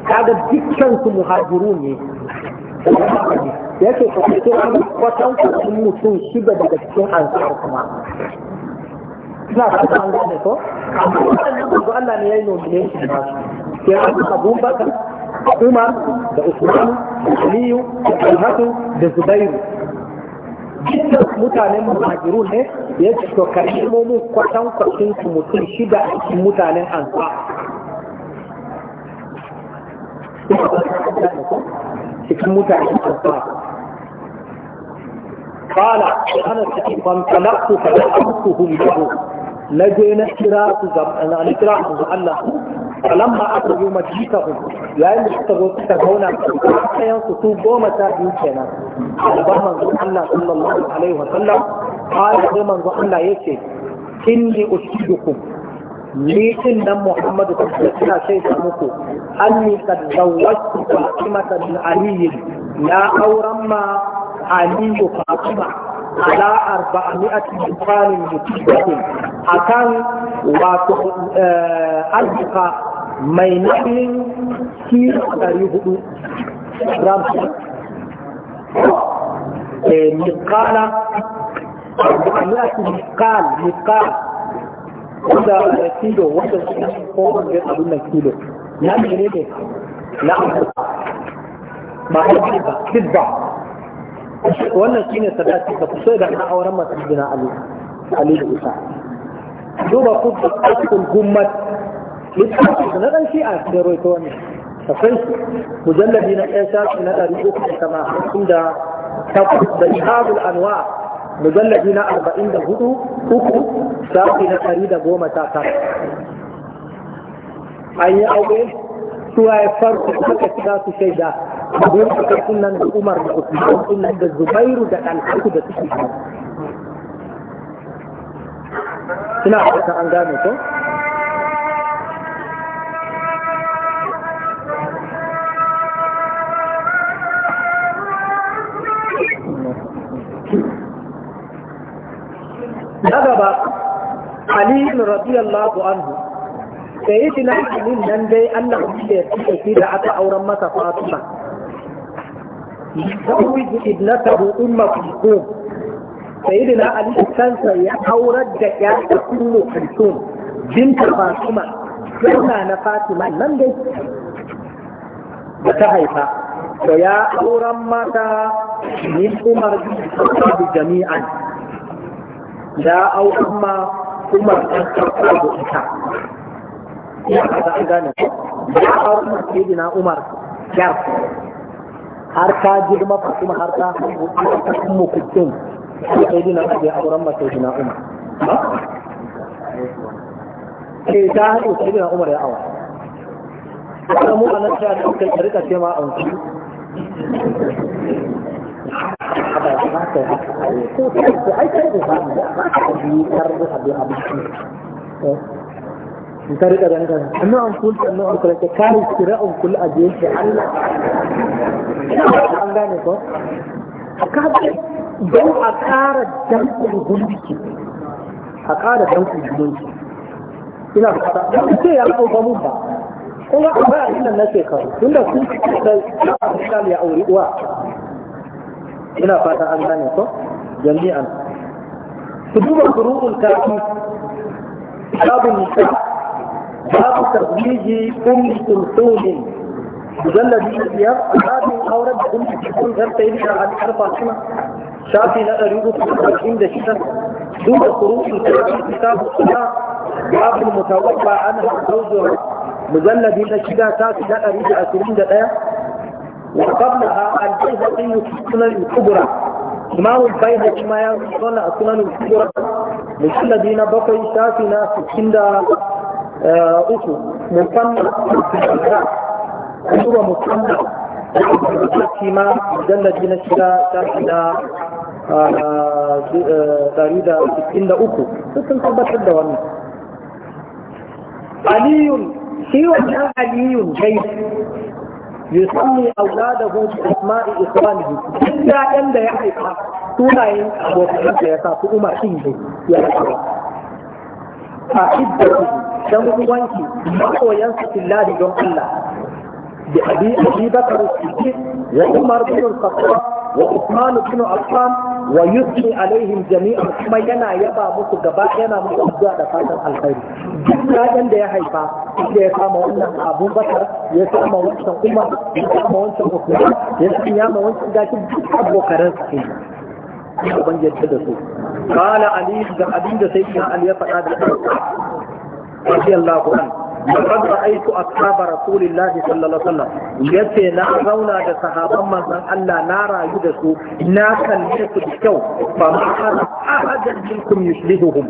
S1: kaga dukkan su muhajiru ne yake kwatanci an kwatan kwatan mutum shida daga cikin ansar kuma ina fata an gane ko amma wannan da Allah ne ya yi nomination ba su sai abubakar umar da usman aliyu da talhatu da zubairu dukkan mutanen muhajirun ne ya ce to ka nemo mu kwatan kwatin su mutum shida a cikin mutanen ansa cikin mutanen ansa kala ana cikin su kada an amsuhum hulgaro na je na kira su ga Allah falamma aka yi majita ku yayin da suka zo suka zauna kayan su su goma sha biyu kenan albar manzo Allah sallallahu alaihi wa sallam qala sai manzo Allah yace inni ushidukum ni din nan Muhammadu ina shaida muku anni kad zawwajtu Fatimata bin Ali na auren ma Ali Fatima akan wato mai nauyin kilo ɗari hudu gram mikala aliyatu mikal mikal wanda da kilo wanda suka shi kowar da abin nan kilo na mene ne na abu ba a yi ba kidda wannan shine sadaki ka fito da na auren masu jina ali ali da isa duba kuma a cikin gummat littafin na ɗan shi'a cikin roito wani akwai su mujallabi na ɗaya shafi na ɗari uku da kama hamsin da takwas da ihabul anwa mujallabi na arba'in da hudu uku shafi na ɗari da goma ta tara an yi aure suwa ya farko suka ci za su shaida abin suka sunan da umar da usman sunan da zubairu da ɗalhaku da suke
S2: suna a an gane ko
S1: نغبا علي رضي الله عنه سيدنا علي من دي الله مشي في سيدة عطا أورمة فاطمة يزوج ابنته أم كلثوم سيدنا علي كانت يحور الدكاة أم كلثوم بنت فاطمة كما نفاطمة من دي بتحيطة ويا أورمة من أمر جميعا da au amma kuma tsarkar abu ita ya kaga an gane ya au kuma sayyidina umar ya har ka girma fa kuma har ka mu kuɗin sayyidina umar ya auren ma sayyidina umar ke eh, ta haɗe sayyidina umar ya awa kuma mu anan ta da kai rika ce ma an ba ka haka ko kai ko ai kai ba ba ka bi karbu abu abu in ka rika ganin kan annu an kul annu an kula ta kare kira'un kul aje shi Allah an gane ko ka ga don a kara dankin gulbiki a kara dankin gulbiki ina fata ba ce ya ko mun ba kuma akwai a inda na shekaru tunda kun da ya aure uwa ina fata an gane ko jami'an ku duba furu'ul kafi babu nisa babu tarbiji ummi kulthum mujalladi biyar babin auren da ummi kulthum zan ta yi da al'ar fatima shafi na ɗari uku da arba'in da shida duba furu'ul kafi kitabu suna babu mutawabba an hau zaujewa mujalladi na shida ta fi na ɗari da ashirin da ɗaya وقبلها البيهقي في السنن الكبرى إمام البيهقي ما يقول السنن الكبرى مجلدين بقي شافنا ستين دا أوتو مصنع كتب مصنع كما مجلدين شدا شافنا dari da sittin da uku sun tabbatar da wannan aliyun shi wannan aliyun dai yusammi auladahu bi asma'i ikhwanihi duk ya'yan da ya haifa sunayen abokansa ya sa su umar din ne ya haifa a iddatu dan uwanki makoyan su fillahi don Allah bi abi abi bakar siddiq wa umar bin al-khattab wa usman bin affan wa yusni alaihim jami'an kuma yana yaba musu gaba yana musu addu'a da fatan alkhairi ɗan da ya haifa da ya kama wannan abun bakar ya kama wancan umar ya kama wancan hukuma ya kama wancan gashi duk abokaran sa kai ban yadda da su kala ali ga abin da sai yi ali ya faɗa da shi radiyallahu anhu لقد رأيت أصحاب رسول الله صلى الله عليه وسلم يتي لا غونا دا صحابا من ألا نارا يدسو ناسا يدسو بكو فما أرى أحدا منكم يشبههم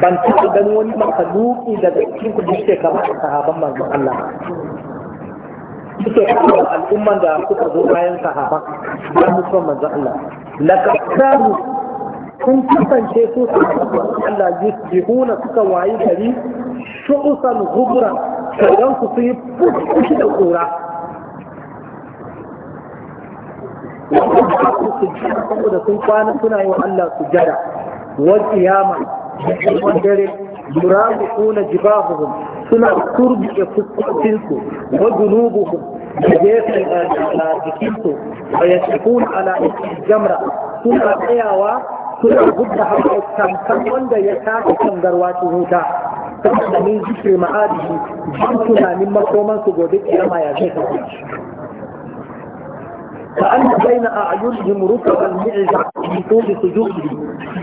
S1: بان تقدم وني مخلوق إذا تكينكم يشتي كما صحابا من الله suke kawo al'umman da suka zo bayan sahaba da mutuwar manzo Allah laqad kanu kun kasance su su Allah yusbihuna suka wayi gari shu'usan gubran shaidan ku sun yi fushi da kura da sun kwana suna yi wa Allah sujada wal qiyama wal dare yurabu kuna jibahuhum suna turbi turbuke fuskokinsu wa junubuhum gefen jikinsu a yashikun ala jamra suna tsayawa suna gudda haka tamkar wanda ya tashi kan garwa huta saboda min zikir ma'adihi jin tunanin makoman su gobe kiyama ya zai kasance ka an baina a ayyuhum rukuban mi'za min tubi sujudi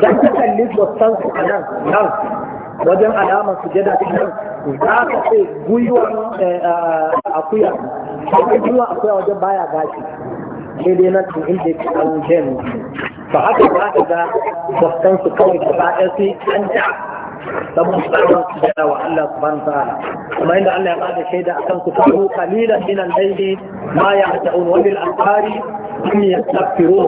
S1: dan ka kalli wasan su anan nan wajen alamar sujada din nan za ka ce gwiwar eh, ah, akuya gwiwar akuya wajen baya gashi daidai na tun inda ke ci an jami ba haka ba ka ga wasan su kawai gaba ɗaya sai an ta saboda tsaron da wa Allah subhanahu ta'ala kuma inda Allah ya bada shaida akan ku tabu qalilan min al-layli ma ya'ta'un wa bil asari hum yastaghfirun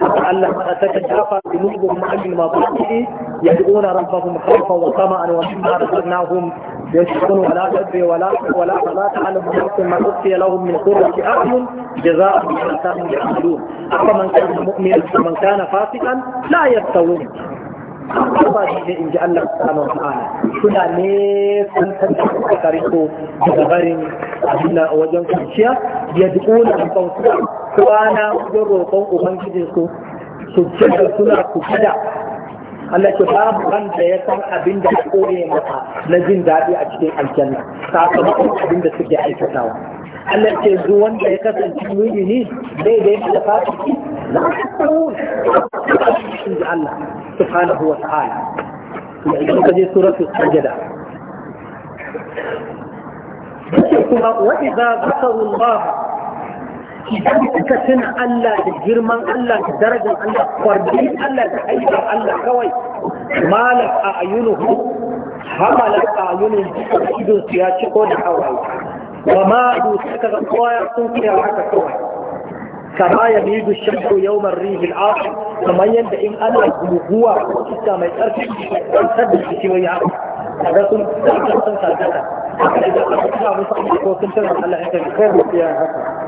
S1: haka Allah ta tatafa bi nujum ma'al mabudi yad'una rabbahum khawfan wa tama'an wa mimma razaqnahum يشكون ولا تدري ولا ولا فلا تعلم نفس ما اخفي لهم من قرة اعين جزاء بما كانوا يعملون افمن كان مؤمنا ومن كان فاسقا لا يستوون ba shi ne in ji Allah subhanahu wa ta'ala suna ne sun tantance kariko daga barin abinda a wajen kwanciya ya duko na kwana wajen roƙon ubangijinsu su ce suna kuka da Allah ce babu wanda ya san abin da ya koye masa na jin daɗi a cikin aljanna sakamakon abin da suke aikatawa Allah ce zu wanda ya kasance mu'mini dai dai da fasiki la tasawun in ji Allah subhanahu wa ta'ala idan ka je suratul sajda kuma wa idza zakaru Allah idan kuka tuna Allah da girman Allah da darajar Allah kwarbi Allah da aikin Allah kawai malak a ayyunuhu hamalak a ayyunuhu idon su ya ciko da hawaye wa ma'adu suka ga koyar sun kira haka kawai kama ya midu shamsu yawmar rihil asir kamar yadda in Allah guguwa ko iska mai tsarki kwantar da shi wai haka kaga sun tsarki sun sarkata haka idan aka kuma musu ko sun tana Allah ya kai ko ya haka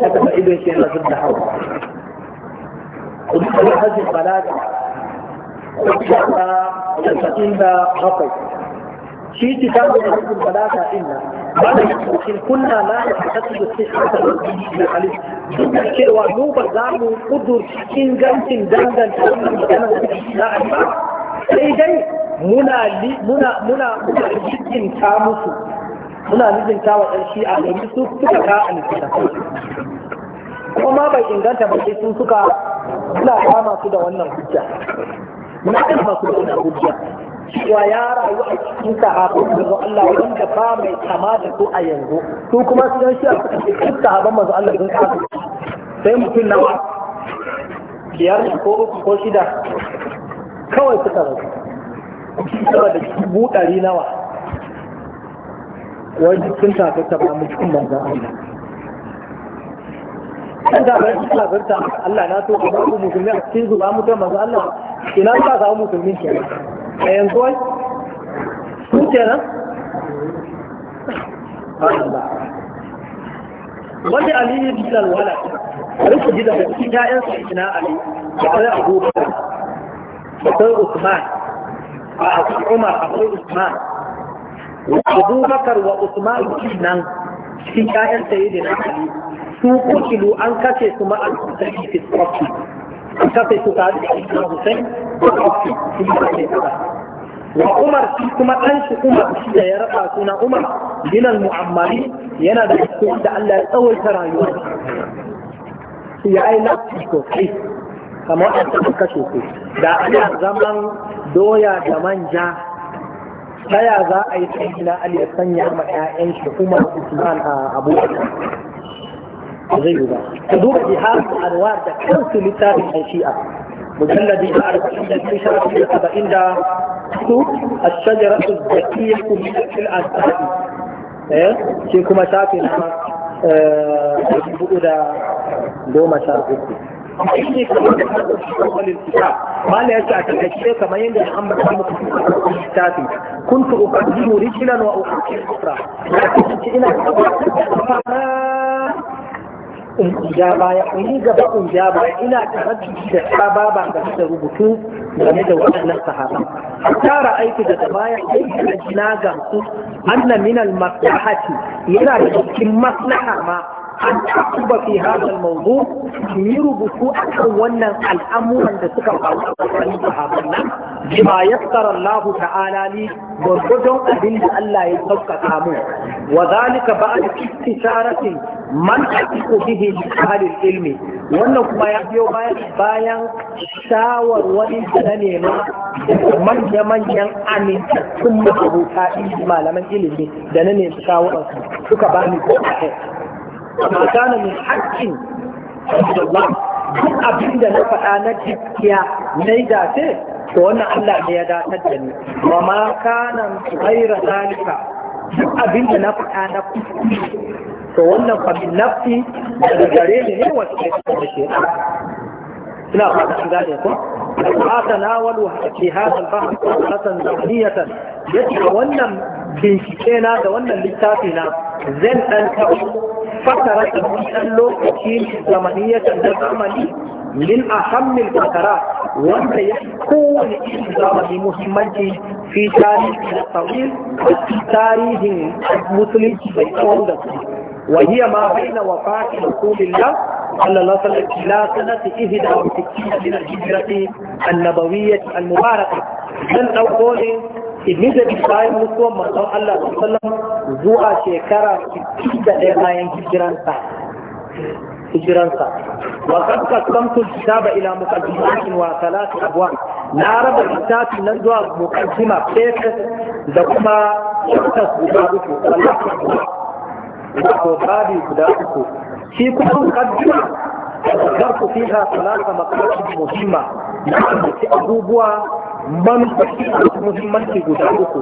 S1: ta taɓa idon shi yana zub da hau kuma da hajji balaga ta tasa'in da bakwai shi ci ta da hajji balaga din nan ba da yankin kunna na da ta tafi da shi ta da alif duk da cewa mu ba za mu kudur ingancin danganta wannan maganar da alif sai dai muna muna muna muna cikin ta musu muna mijinta wa ɗan a domin su suka ka
S2: a littattafai
S1: kuma bai inganta ba sai sun suka suna kama su da wannan hujja muna kama su da wannan hujja cewa ya rayu a cikin sahabban manzo Allah wanda ba mai kama da su a yanzu su kuma su dan shi a cikin sahabu manzo Allah sun kama sai mutum nawa biyar ko uku ko shida kawai suka rasu saboda buɗari nawa wani sun tafi ta ba mutum banza Allah kan da bai labarta Allah na so ba babu musulmi a cikin zuba mutum banza Allah ina ka samu musulmin ke a yanzu wai su ke nan wanda aliyu bin alwala rikin ji daga cikin ƴaƴansa ina ali da akwai abubakar akwai usman akwai umar akwai usman abubakar wa usman nan cikin ƴaƴan sayyidina ali su kutilu an kashe su ma an kusaci fi tsofi an kashe su ta da aiki husain tsofi su yi kashe ta wa umar shi kuma ɗan shi umar shi da ya raba suna umar dinan mu'ammali yana da cikin da Allah ya tsawaita rayuwa ya ai lafi sosai kamar an kashe su da ana zaman doya da manja ta ya za a yi sayyidina ali ya sanya ma ƴaƴan shi kuma usman a abubakar zai yi ba ta duba jihar anwar da kansu littafin ɗan shi'a mujalladi na arba'in da biyu shafi da saba'in da su a shajara su zakiya ku bi da fil asadi eh shi kuma shafi na hudu eh, da goma sha uku shi ne kamar da kan wani kitab mala yace a takaice kamar yadda an ambata muku cikin littafi kuntu uqaddimu rijlan wa uqaddimu ukhra ya kace ina in ja baya in yi gaba in ja baya ina tahajjudi da saba ba ga da rubutu game da waɗannan sahaba tara aiki da baya aiki da jina gamsu anna min al maslahati yana da cikin maslaha ma an taɓa fi hadal mawdu yi rubutu a kan wannan al'amuran da suka faru a tsakanin sahabban nan bima yassara Allah ta'ala ni gurgurdon abin da Allah ya sauka mu wa zalika ba'd istisharatin man aqiqu bihi li ahli ilmi wannan kuma ya biyo bayan bayan shawarwari da na nema manya-manyan amintattun mabuta malaman ilimi da na nemi shawararsu suka ba ni ko ma kana min haqqin Allah duk abin da na faɗa na gaskiya na yi dace to wannan Allah ne ya datar da ni wa ma kana ghayra zalika duk abin da na faɗa na
S2: to wannan fa min nafsi da gare ni ne
S1: wasu ne da shi ina fata an gane ko وتناولوا في هذا البحث قصة ذهنية يجب wannan. bincike na da wannan littafi na zan ɗan taɓa fasara da ɗan lokaci zamaniyyar da zamani min ahammil fatara wanda ya kowane irin zamani muhimmanci fi tarihi da tsawil da fi tarihin musulunci bai tsawon da su وهي ما بين وفاة رسول الله صلى الله عليه وسلم إلى سنة إهدى وستين من الهجرة النبوية المباركة. من أول immediately bayan mutuwan manzon Allah sallam zuwa shekara 61 bayan hijiransa hijiransa wa qad qasamtu kitaba ila muqaddimatin wa talatin abwab na raba littafin nan zuwa muqaddima fekas da kuma shakkas guda uku wato babi guda uku shi kuma muqaddima ذكرت فيها ثلاث مقاصد مهمة na في abubuwa. man muhimmanci guda uku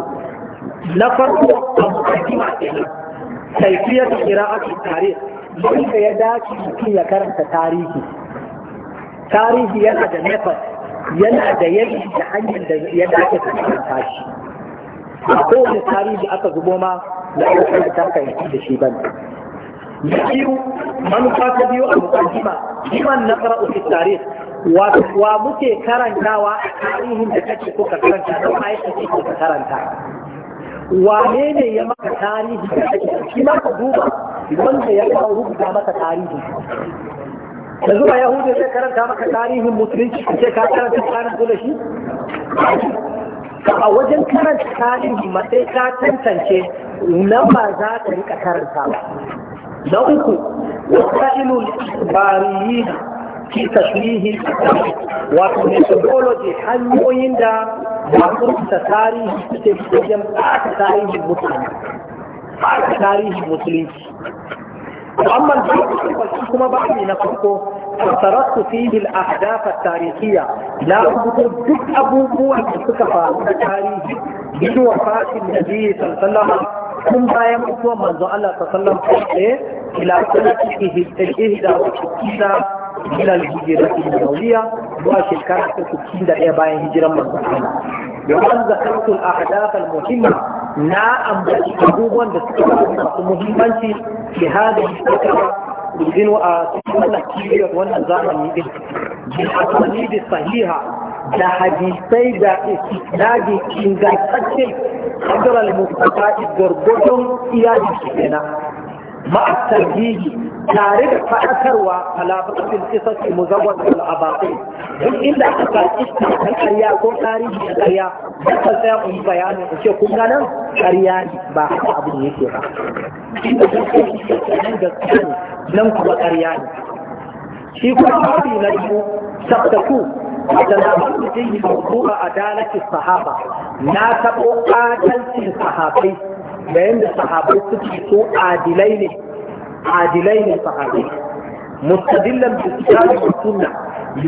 S1: na farko abu a kima kenan kaifiyar kira'atu tare wanda ya dace mutum ya karanta tarihi tarihi yana da nafas yana da yanki da hanyar da ya dace ka karanta shi a kowane tarihi aka zubo ma da aka karanta ka da shi ba. bane biyu manufa ta biyu a mukaddima kiman na fara'u fi tarihi wa muke karantawa a tarihin da kake kuka karanta don aiki ce kuka karanta wane ne ya maka tarihi da kake shi ma ka duba wanda ya kawo rubuta maka tarihi da ya yahudu zai karanta maka tarihin musulunci ka ce ka karanta tsarin dole shi a wajen karanta tarihi matsayi ka tantance nan ba za ka rika karanta ba na uku wasa'ilul bariyina في تشويه wato methodology hanyoyin da masu ta tarihi suke cikin ɓata tarihin musulunci ɓata tarihin musulunci amma da kuma ba na farko fasarattu fihi al-ahdath at-tarikhiyya la rubutu duk abubuwan da suka faru da tarihi bin wafatin nabi sallallahu alaihi wasallam kun bayan mutuwar manzo Allah sallallahu alaihi wasallam ila sanati ihda wa bilal hijira ta nawawiya zuwa shekara ta sittin da ɗaya bayan hijiran manzon Allah yawan zakartul ahdaf al muhimma na ambaci abubuwan da suka masu muhimmanci ke hada shekara izin wa wannan kiriyar wannan zamani din bin asali da sahiha da hadisai da isnadi ingantacce kadar al-mustafa gurgurdun iyali kenan ma'aikatar gigi tare da fa'atarwa a labarin isassu muzawar da al'abatai duk inda aka karfi ta kan karya ko tarihi da karya da ka tsaya kun bayani a ce kun ganin karya ne ba haka abu ne yake ba inda kun ce nan da tsani nan kuma karya ne shi kuma babu na biyu sabtaku da labarin da yi mutuwa a dalakin sahaba na taɓo adalcin sahabai da yadda sahabai suke so adilai ne adilai ne sahabai mustadillan da su da sunna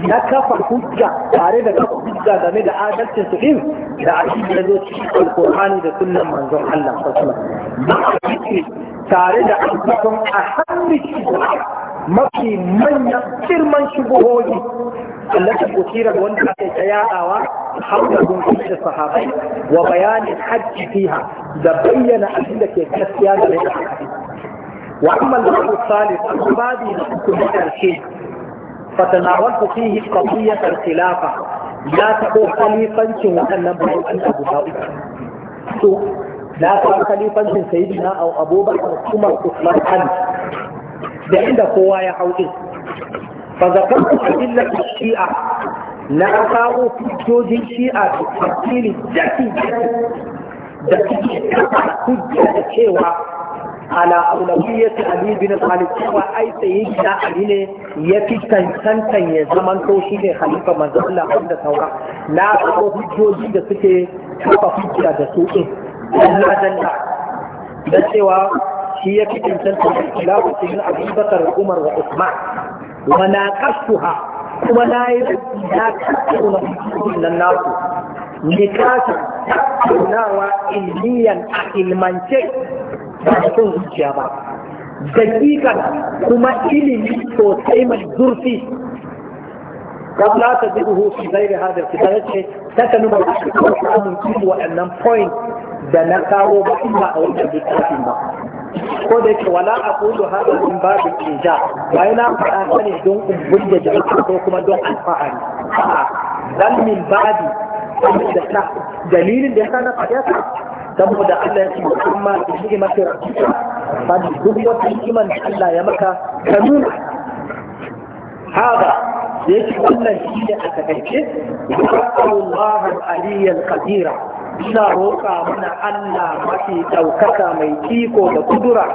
S1: ya kafa hujja tare da kafa hujja game da adalcin su din da aqida da zo cikin alqur'ani da sunnan manzon Allah sallallahu alaihi wasallam tare da abubuwan a hannun mafi manyan girman shubuhohi التي أثيرت وانت تياءوا حول جنسية الصحابة وبيان الحج فيها تبين أنك يكسيا لديك وأما الباب الثالث أخبابي كل الشيء فتناولت فيه قضية الخلافة لا تكون خليفا وأن نبعو أن أبو داود لا تكون خليفا سيدنا أو أبو بكر عمر عثمان علي da inda kowa ya hau din فذكرت أدلة الشيعة لا أقاو جوج الشيعة بالتفصيل الذكي ذكي حجة شيوة على أولوية علي بن طالب cewa ai tsaye da Ali ne ya fi tantantan ya zaman to shi ne khalifa manzo Allah wanda saura na kawo hujjoji da suke kafa hujja da su din Allah dalla cewa shi ya fi tantantan khilafa Umar wa Usman wa na ha? kuma na yi na kasuna nan nasu nikasa tattaunawa ilmiyan a ilmance ba sun zuciya ba dakika kuma ilimi sosai mai zurfi قبل لا تجده في غير هذا الكتاب تكن بعض من كل وأن بوينت ده نقاو بإلا أو تبكاتين ba. ko da yake wala a kudu hada min babu kinja bai na faɗa sani don umbun da jama'a ko kuma don alfahari dan min babu da ta dalilin da ya na faɗa ka saboda Allah ya ce amma shi maka rabbika fa duk wata iman da Allah ya maka ka nuna hada yake wannan shi ne a takaice wa Allah al-aliyyal qadira ina roƙa mana Allah mafi ɗaukaka mai ciko da kudura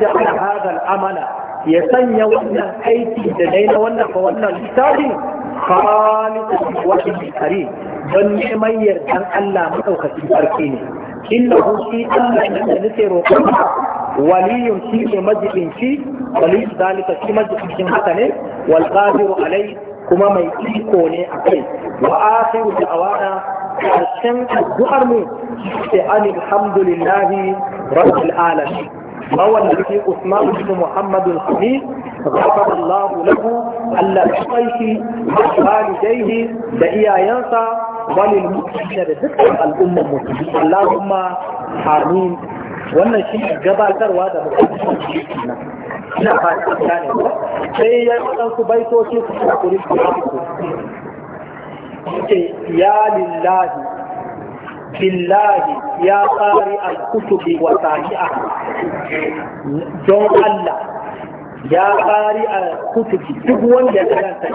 S1: da ana hadal amala ya sanya wannan aiki da dai na wannan fa wannan littafin khaliqu wani kari don neman yardan Allah maɗaukaci sarki ne innahu shi Allah ne nake roƙon waliyun shi ne majibin shi wali zalika shi majibin haka ne wal qadiru alai kuma mai iko ne akai wa akhiru da'wana karshen addu'ar mu sai an alhamdulillahi rabbil alamin bawan da ke Usman bin Muhammad al-Sani غفر الله له ألا يعطيه da iyayensa, ينسى وللمسلمين بذكر الأمة المسلمين اللهم آمين wannan shi ne gabatarwa da ina fata ne sai ya ɗansu baitoci su kuri su yake ya lillahi billahi ya tsari al-kutubi wa sahi'a don Allah ya tsari al-kutubi duk wanda ya karanta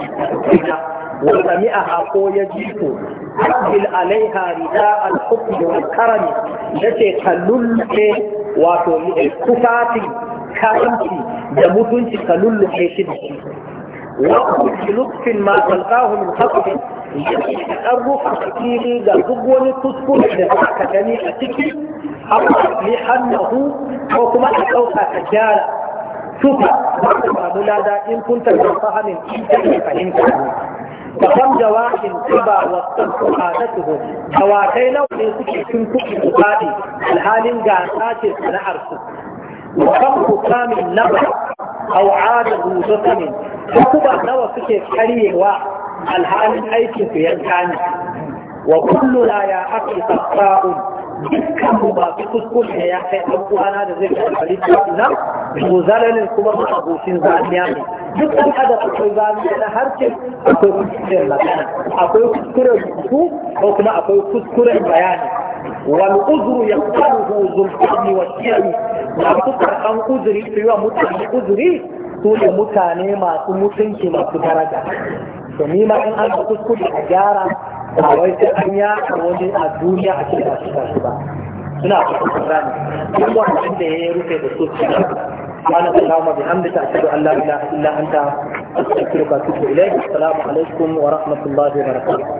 S1: ita wa sami'aha ko ya ji ko bil alaiha rida al-hukmi wal karami yace kallulle wato kufatin karanci da mutunci kallulle shi da shi wakil lutfin ma tsarkahu min haƙƙin yake ɗan rufa fili ga duk wani kuskure da za ka a ciki haka ne ko kuma a ɗauka ta gyara tuka za ka samu lada in kun tafi da ta
S2: yi fahimta ne.
S1: Ba kan jawahin tuba wa kan kuka na tuhu, dawakai nau'in suke sun kuɗi tuɓaɗe alhalin gasa ce sana'ar وكم كام النبع أو عاده جسم فكبا نوى سكي كريه الهان أيكي في الكاني
S2: وكلنا
S1: يا أخي خطاء dukkanmu ba su kuskure ya kai ɗan da zai kai halitta na mu zalalin kuma mu abokin zaniya ne duk ɗan adam akwai zaniya na harshe akwai kuskuren magana akwai kuskuren rubutu ko kuma akwai kuskuren bayani wal uzru yaqtaluhu zulfani wa shiyami Na aka karɓan uzuri su yi wa mutane uzuri su ne mutane masu mutunci masu daraja da nima in an da kuskure a gyara a wai sai an ya a wani a duniya a cikin su ba suna a kusurin rana duk wannan da ya yi rufe da su su ba na su kama bi hamdu ta cikin allah ila ila anta a cikin kirkatu ku ilai assalamu alaikum wa rahmatullahi wa barakatuh